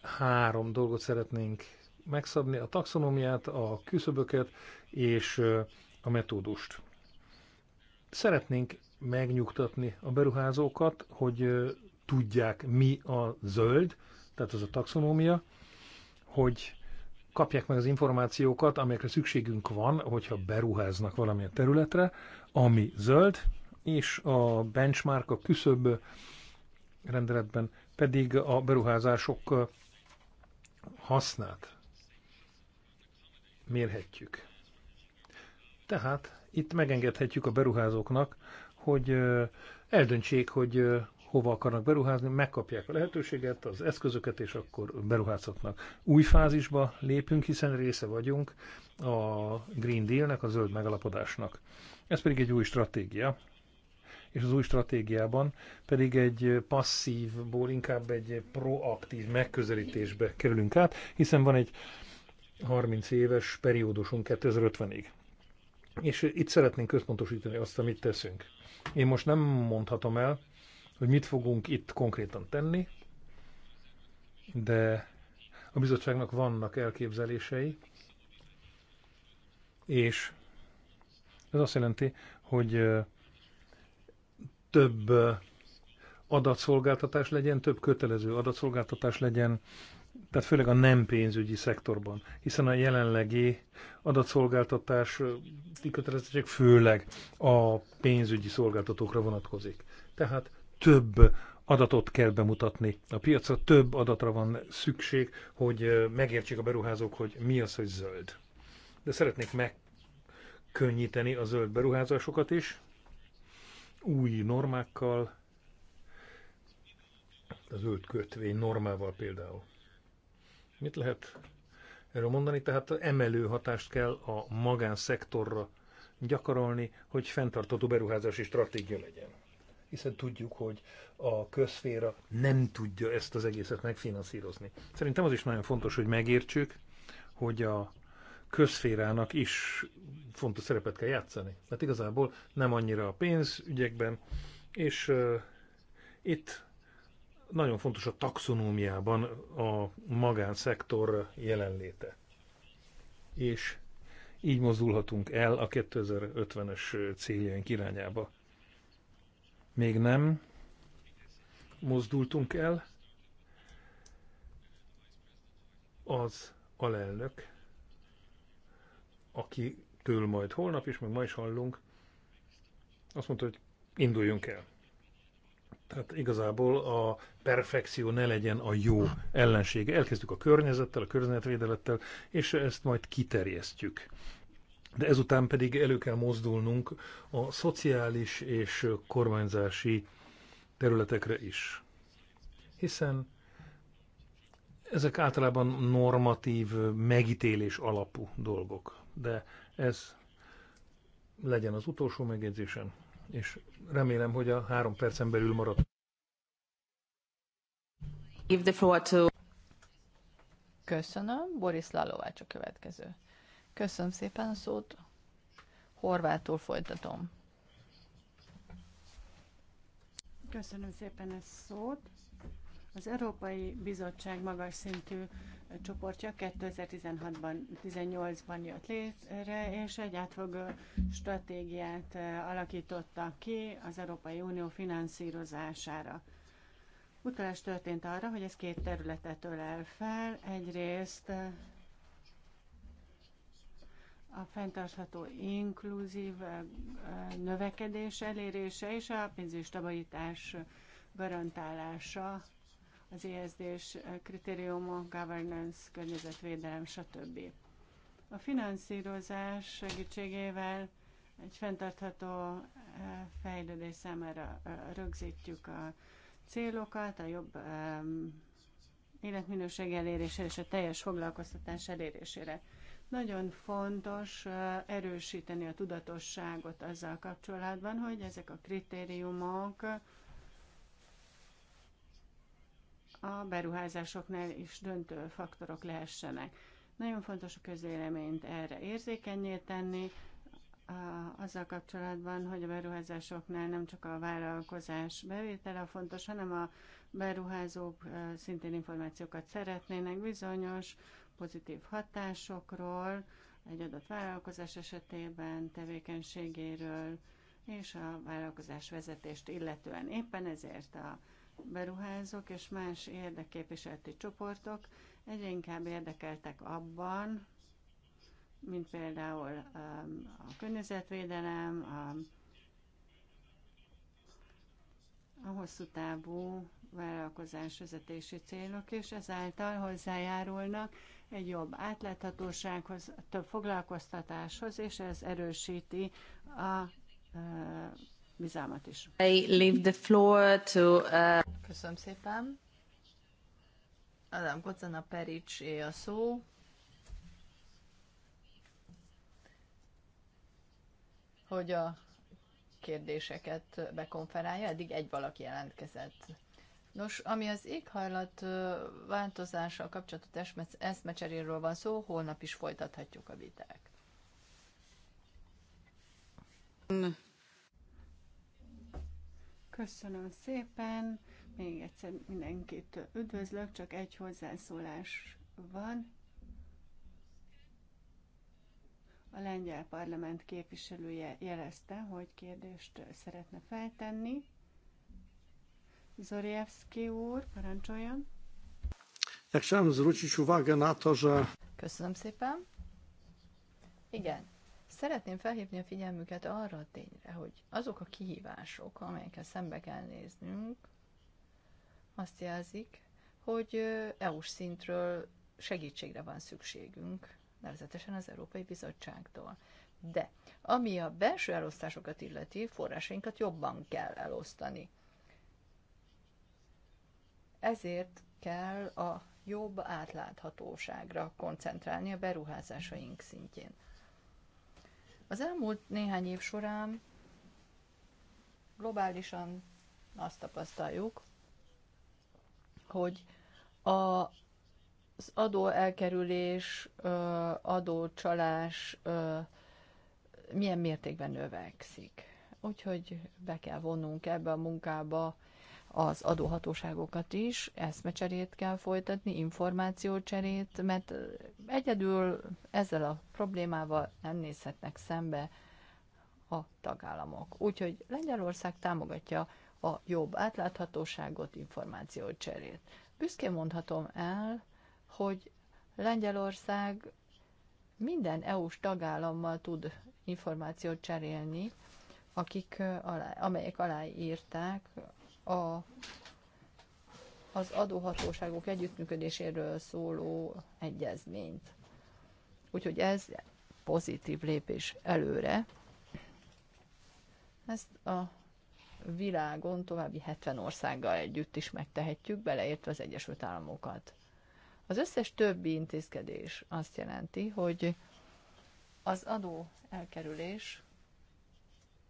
három dolgot szeretnénk megszabni, a taxonomiát, a küszöböket és a metódust. Szeretnénk megnyugtatni a beruházókat, hogy tudják, mi a zöld, tehát az a taxonómia, hogy kapják meg az információkat, amelyekre szükségünk van, hogyha beruháznak valamilyen területre, ami zöld, és a benchmark, a küszöbb rendeletben pedig a beruházások hasznát mérhetjük. Tehát itt megengedhetjük a beruházóknak, hogy eldöntsék, hogy hova akarnak beruházni, megkapják a lehetőséget, az eszközöket, és akkor beruházhatnak. Új fázisba lépünk, hiszen része vagyunk a Green Deal-nek, a zöld megalapodásnak. Ez pedig egy új stratégia, és az új stratégiában pedig egy passzívból inkább egy proaktív megközelítésbe kerülünk át, hiszen van egy 30 éves periódusunk 2050-ig. És itt szeretnénk központosítani azt, amit teszünk. Én most nem mondhatom el, hogy mit fogunk itt konkrétan tenni, de a bizottságnak vannak elképzelései, és ez azt jelenti, hogy több adatszolgáltatás legyen, több kötelező adatszolgáltatás legyen, tehát főleg a nem pénzügyi szektorban, hiszen a jelenlegi adatszolgáltatás kötelezettség főleg a pénzügyi szolgáltatókra vonatkozik. Tehát több adatot kell bemutatni. A piacra több adatra van szükség, hogy megértsék a beruházók, hogy mi az, hogy zöld. De szeretnék megkönnyíteni a zöld beruházásokat is, új normákkal, a zöld kötvény normával például. Mit lehet erről mondani? Tehát emelő hatást kell a magánszektorra gyakorolni, hogy fenntartható beruházási stratégia legyen hiszen tudjuk, hogy a közféra nem tudja ezt az egészet megfinanszírozni. Szerintem az is nagyon fontos, hogy megértsük, hogy a közférának is fontos szerepet kell játszani. Mert hát igazából nem annyira a pénz ügyekben, és uh, itt nagyon fontos a taxonómiában a magánszektor jelenléte. És így mozdulhatunk el a 2050-es céljaink irányába. Még nem mozdultunk el. Az alelnök, aki től majd holnap is, meg ma is hallunk, azt mondta, hogy induljunk el. Tehát igazából a perfekció ne legyen a jó ellensége. Elkezdjük a környezettel, a környezetvédelettel, és ezt majd kiterjesztjük de ezután pedig elő kell mozdulnunk a szociális és kormányzási területekre is. Hiszen ezek általában normatív, megítélés alapú dolgok. De ez legyen az utolsó megjegyzésem, és remélem, hogy a három percen belül marad. Köszönöm. Boris Lalovács a következő. Köszönöm szépen a szót. Horvátul folytatom. Köszönöm szépen a szót. Az Európai Bizottság magas szintű csoportja 2016-ban, 18-ban jött létre, és egy átfogó stratégiát eh, alakítottak ki az Európai Unió finanszírozására. Utalás történt arra, hogy ez két területet ölel fel. Egyrészt eh, a fenntartható inkluzív növekedés elérése és a pénzügyi stabilitás garantálása, az ESD-s kritériumok, governance, környezetvédelem, stb. A finanszírozás segítségével egy fenntartható fejlődés számára rögzítjük a célokat, a jobb életminőség elérésére és a teljes foglalkoztatás elérésére. Nagyon fontos erősíteni a tudatosságot azzal kapcsolatban, hogy ezek a kritériumok a beruházásoknál is döntő faktorok lehessenek. Nagyon fontos a közvéleményt erre érzékenyé tenni, azzal kapcsolatban, hogy a beruházásoknál nem csak a vállalkozás bevétele fontos, hanem a beruházók szintén információkat szeretnének bizonyos pozitív hatásokról, egy adott vállalkozás esetében, tevékenységéről és a vállalkozás vezetést illetően. Éppen ezért a beruházók és más érdekképviseleti csoportok egyre inkább érdekeltek abban, mint például um, a környezetvédelem, a, a hosszú távú vállalkozás vezetési célok, és ezáltal hozzájárulnak egy jobb átláthatósághoz, több foglalkoztatáshoz, és ez erősíti a uh, bizalmat is. I leave the floor to, uh... Köszönöm szépen. Adam Kocana Perics a szó. Hogy a kérdéseket bekonferálja, eddig egy valaki jelentkezett. Nos, ami az éghajlat változással kapcsolatos eszmecseréről van szó, holnap is folytathatjuk a viták. Köszönöm szépen, még egyszer mindenkit üdvözlök, csak egy hozzászólás van. A lengyel parlament képviselője jelezte, hogy kérdést szeretne feltenni. Zorievski úr, parancsoljon. chciałem zwrócić uwagę na to, że... Köszönöm szépen. Igen, szeretném felhívni a figyelmüket arra a tényre, hogy azok a kihívások, amelyekkel szembe kell néznünk, azt jelzik, hogy EU-s szintről segítségre van szükségünk, nevezetesen az Európai Bizottságtól. De ami a belső elosztásokat illeti, forrásainkat jobban kell elosztani. Ezért kell a jobb átláthatóságra koncentrálni a beruházásaink szintjén. Az elmúlt néhány év során globálisan azt tapasztaljuk, hogy a, az adó elkerülés, adócsalás milyen mértékben növekszik. Úgyhogy be kell vonnunk ebbe a munkába az adóhatóságokat is, eszmecserét kell folytatni, információcserét, mert egyedül ezzel a problémával nem nézhetnek szembe a tagállamok. Úgyhogy Lengyelország támogatja a jobb átláthatóságot, információcserét. Büszkén mondhatom el, hogy Lengyelország minden EU-s tagállammal tud információt cserélni, akik, amelyek aláírták a, az adóhatóságok együttműködéséről szóló egyezményt. Úgyhogy ez pozitív lépés előre. Ezt a világon további 70 országgal együtt is megtehetjük, beleértve az Egyesült Államokat. Az összes többi intézkedés azt jelenti, hogy az adó elkerülés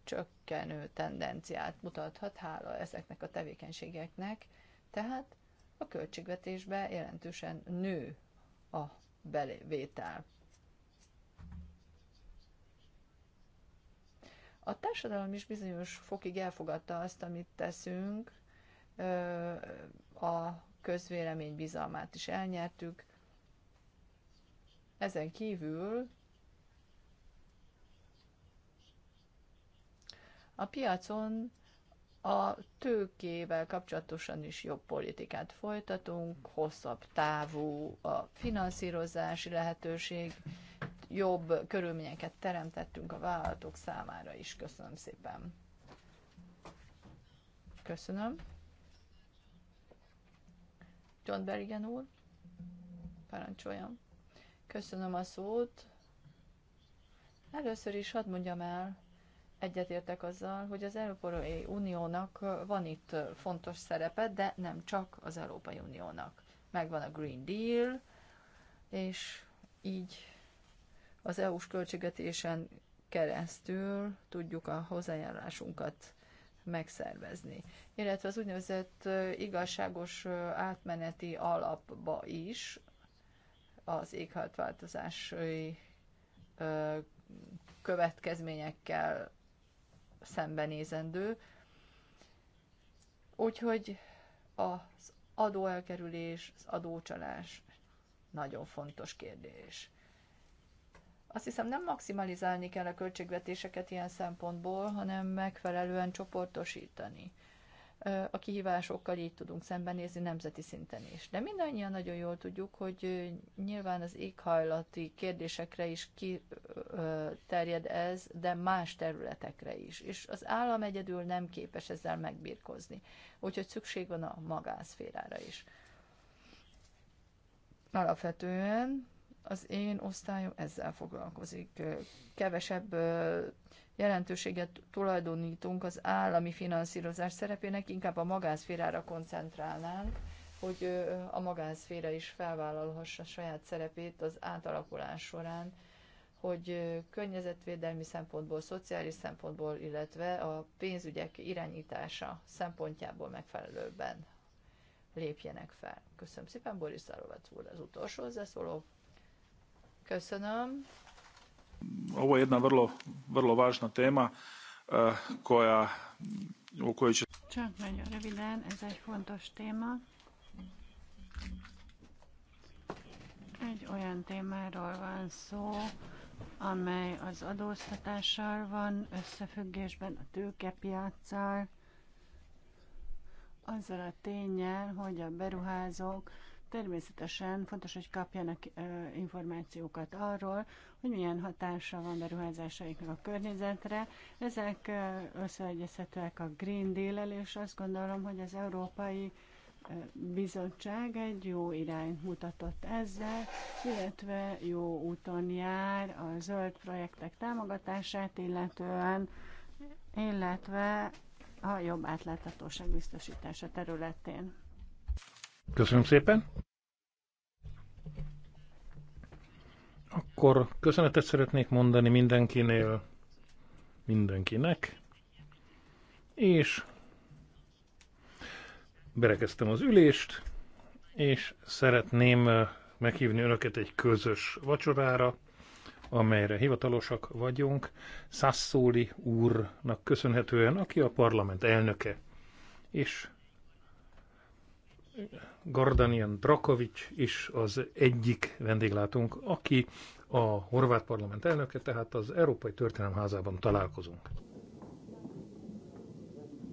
csökkenő tendenciát mutathat, hála ezeknek a tevékenységeknek, tehát a költségvetésbe jelentősen nő a bevétel. A társadalom is bizonyos fokig elfogadta azt, amit teszünk, a közvélemény bizalmát is elnyertük. Ezen kívül a piacon a tőkével kapcsolatosan is jobb politikát folytatunk, hosszabb távú a finanszírozási lehetőség, jobb körülményeket teremtettünk a vállalatok számára is. Köszönöm szépen. Köszönöm. John Berrigan úr, parancsoljam. Köszönöm a szót. Először is hadd mondjam el, egyetértek azzal, hogy az Európai Uniónak van itt fontos szerepe, de nem csak az Európai Uniónak. Megvan a Green Deal, és így az EU-s költségetésen keresztül tudjuk a hozzájárulásunkat megszervezni. Illetve az úgynevezett igazságos átmeneti alapba is az éghajlatváltozási következményekkel szembenézendő. Úgyhogy az adóelkerülés, az adócsalás nagyon fontos kérdés. Azt hiszem nem maximalizálni kell a költségvetéseket ilyen szempontból, hanem megfelelően csoportosítani a kihívásokkal így tudunk szembenézni nemzeti szinten is. De mindannyian nagyon jól tudjuk, hogy nyilván az éghajlati kérdésekre is kiterjed ez, de más területekre is. És az állam egyedül nem képes ezzel megbírkozni. Úgyhogy szükség van a magánszférára is. Alapvetően az én osztályom ezzel foglalkozik. Kevesebb jelentőséget tulajdonítunk az állami finanszírozás szerepének, inkább a magánszférára koncentrálnánk, hogy a magánszféra is felvállalhassa saját szerepét az átalakulás során, hogy környezetvédelmi szempontból, szociális szempontból, illetve a pénzügyek irányítása szempontjából megfelelőbben lépjenek fel. Köszönöm szépen, Boris Szarovac úr az utolsó hozzászóló. Köszönöm. Ovo je jedna vrlo, vrlo važna tema eh, koja, u kojoj će... Csak nagyon röviden, ez egy fontos téma. Egy olyan témáról van szó, amely az adóztatással van összefüggésben, a tőkepiacsal, azzal a tényel, hogy a beruházók Természetesen fontos, hogy kapjanak információkat arról, hogy milyen hatása van beruházásaiknak a környezetre. Ezek összeegyezhetőek a Green Deal-el, és azt gondolom, hogy az Európai Bizottság egy jó irányt mutatott ezzel, illetve jó úton jár a zöld projektek támogatását, illetően, illetve a jobb átláthatóság biztosítása területén. Köszönöm szépen. Akkor köszönetet szeretnék mondani mindenkinél, mindenkinek, és berekeztem az ülést, és szeretném eh, meghívni önöket egy közös vacsorára, amelyre hivatalosak vagyunk, Sassoli úrnak köszönhetően, aki a parlament elnöke, és Gardanian Drakovics is az egyik vendéglátónk, aki a horvát parlament elnöke, tehát az Európai Történelem Házában találkozunk.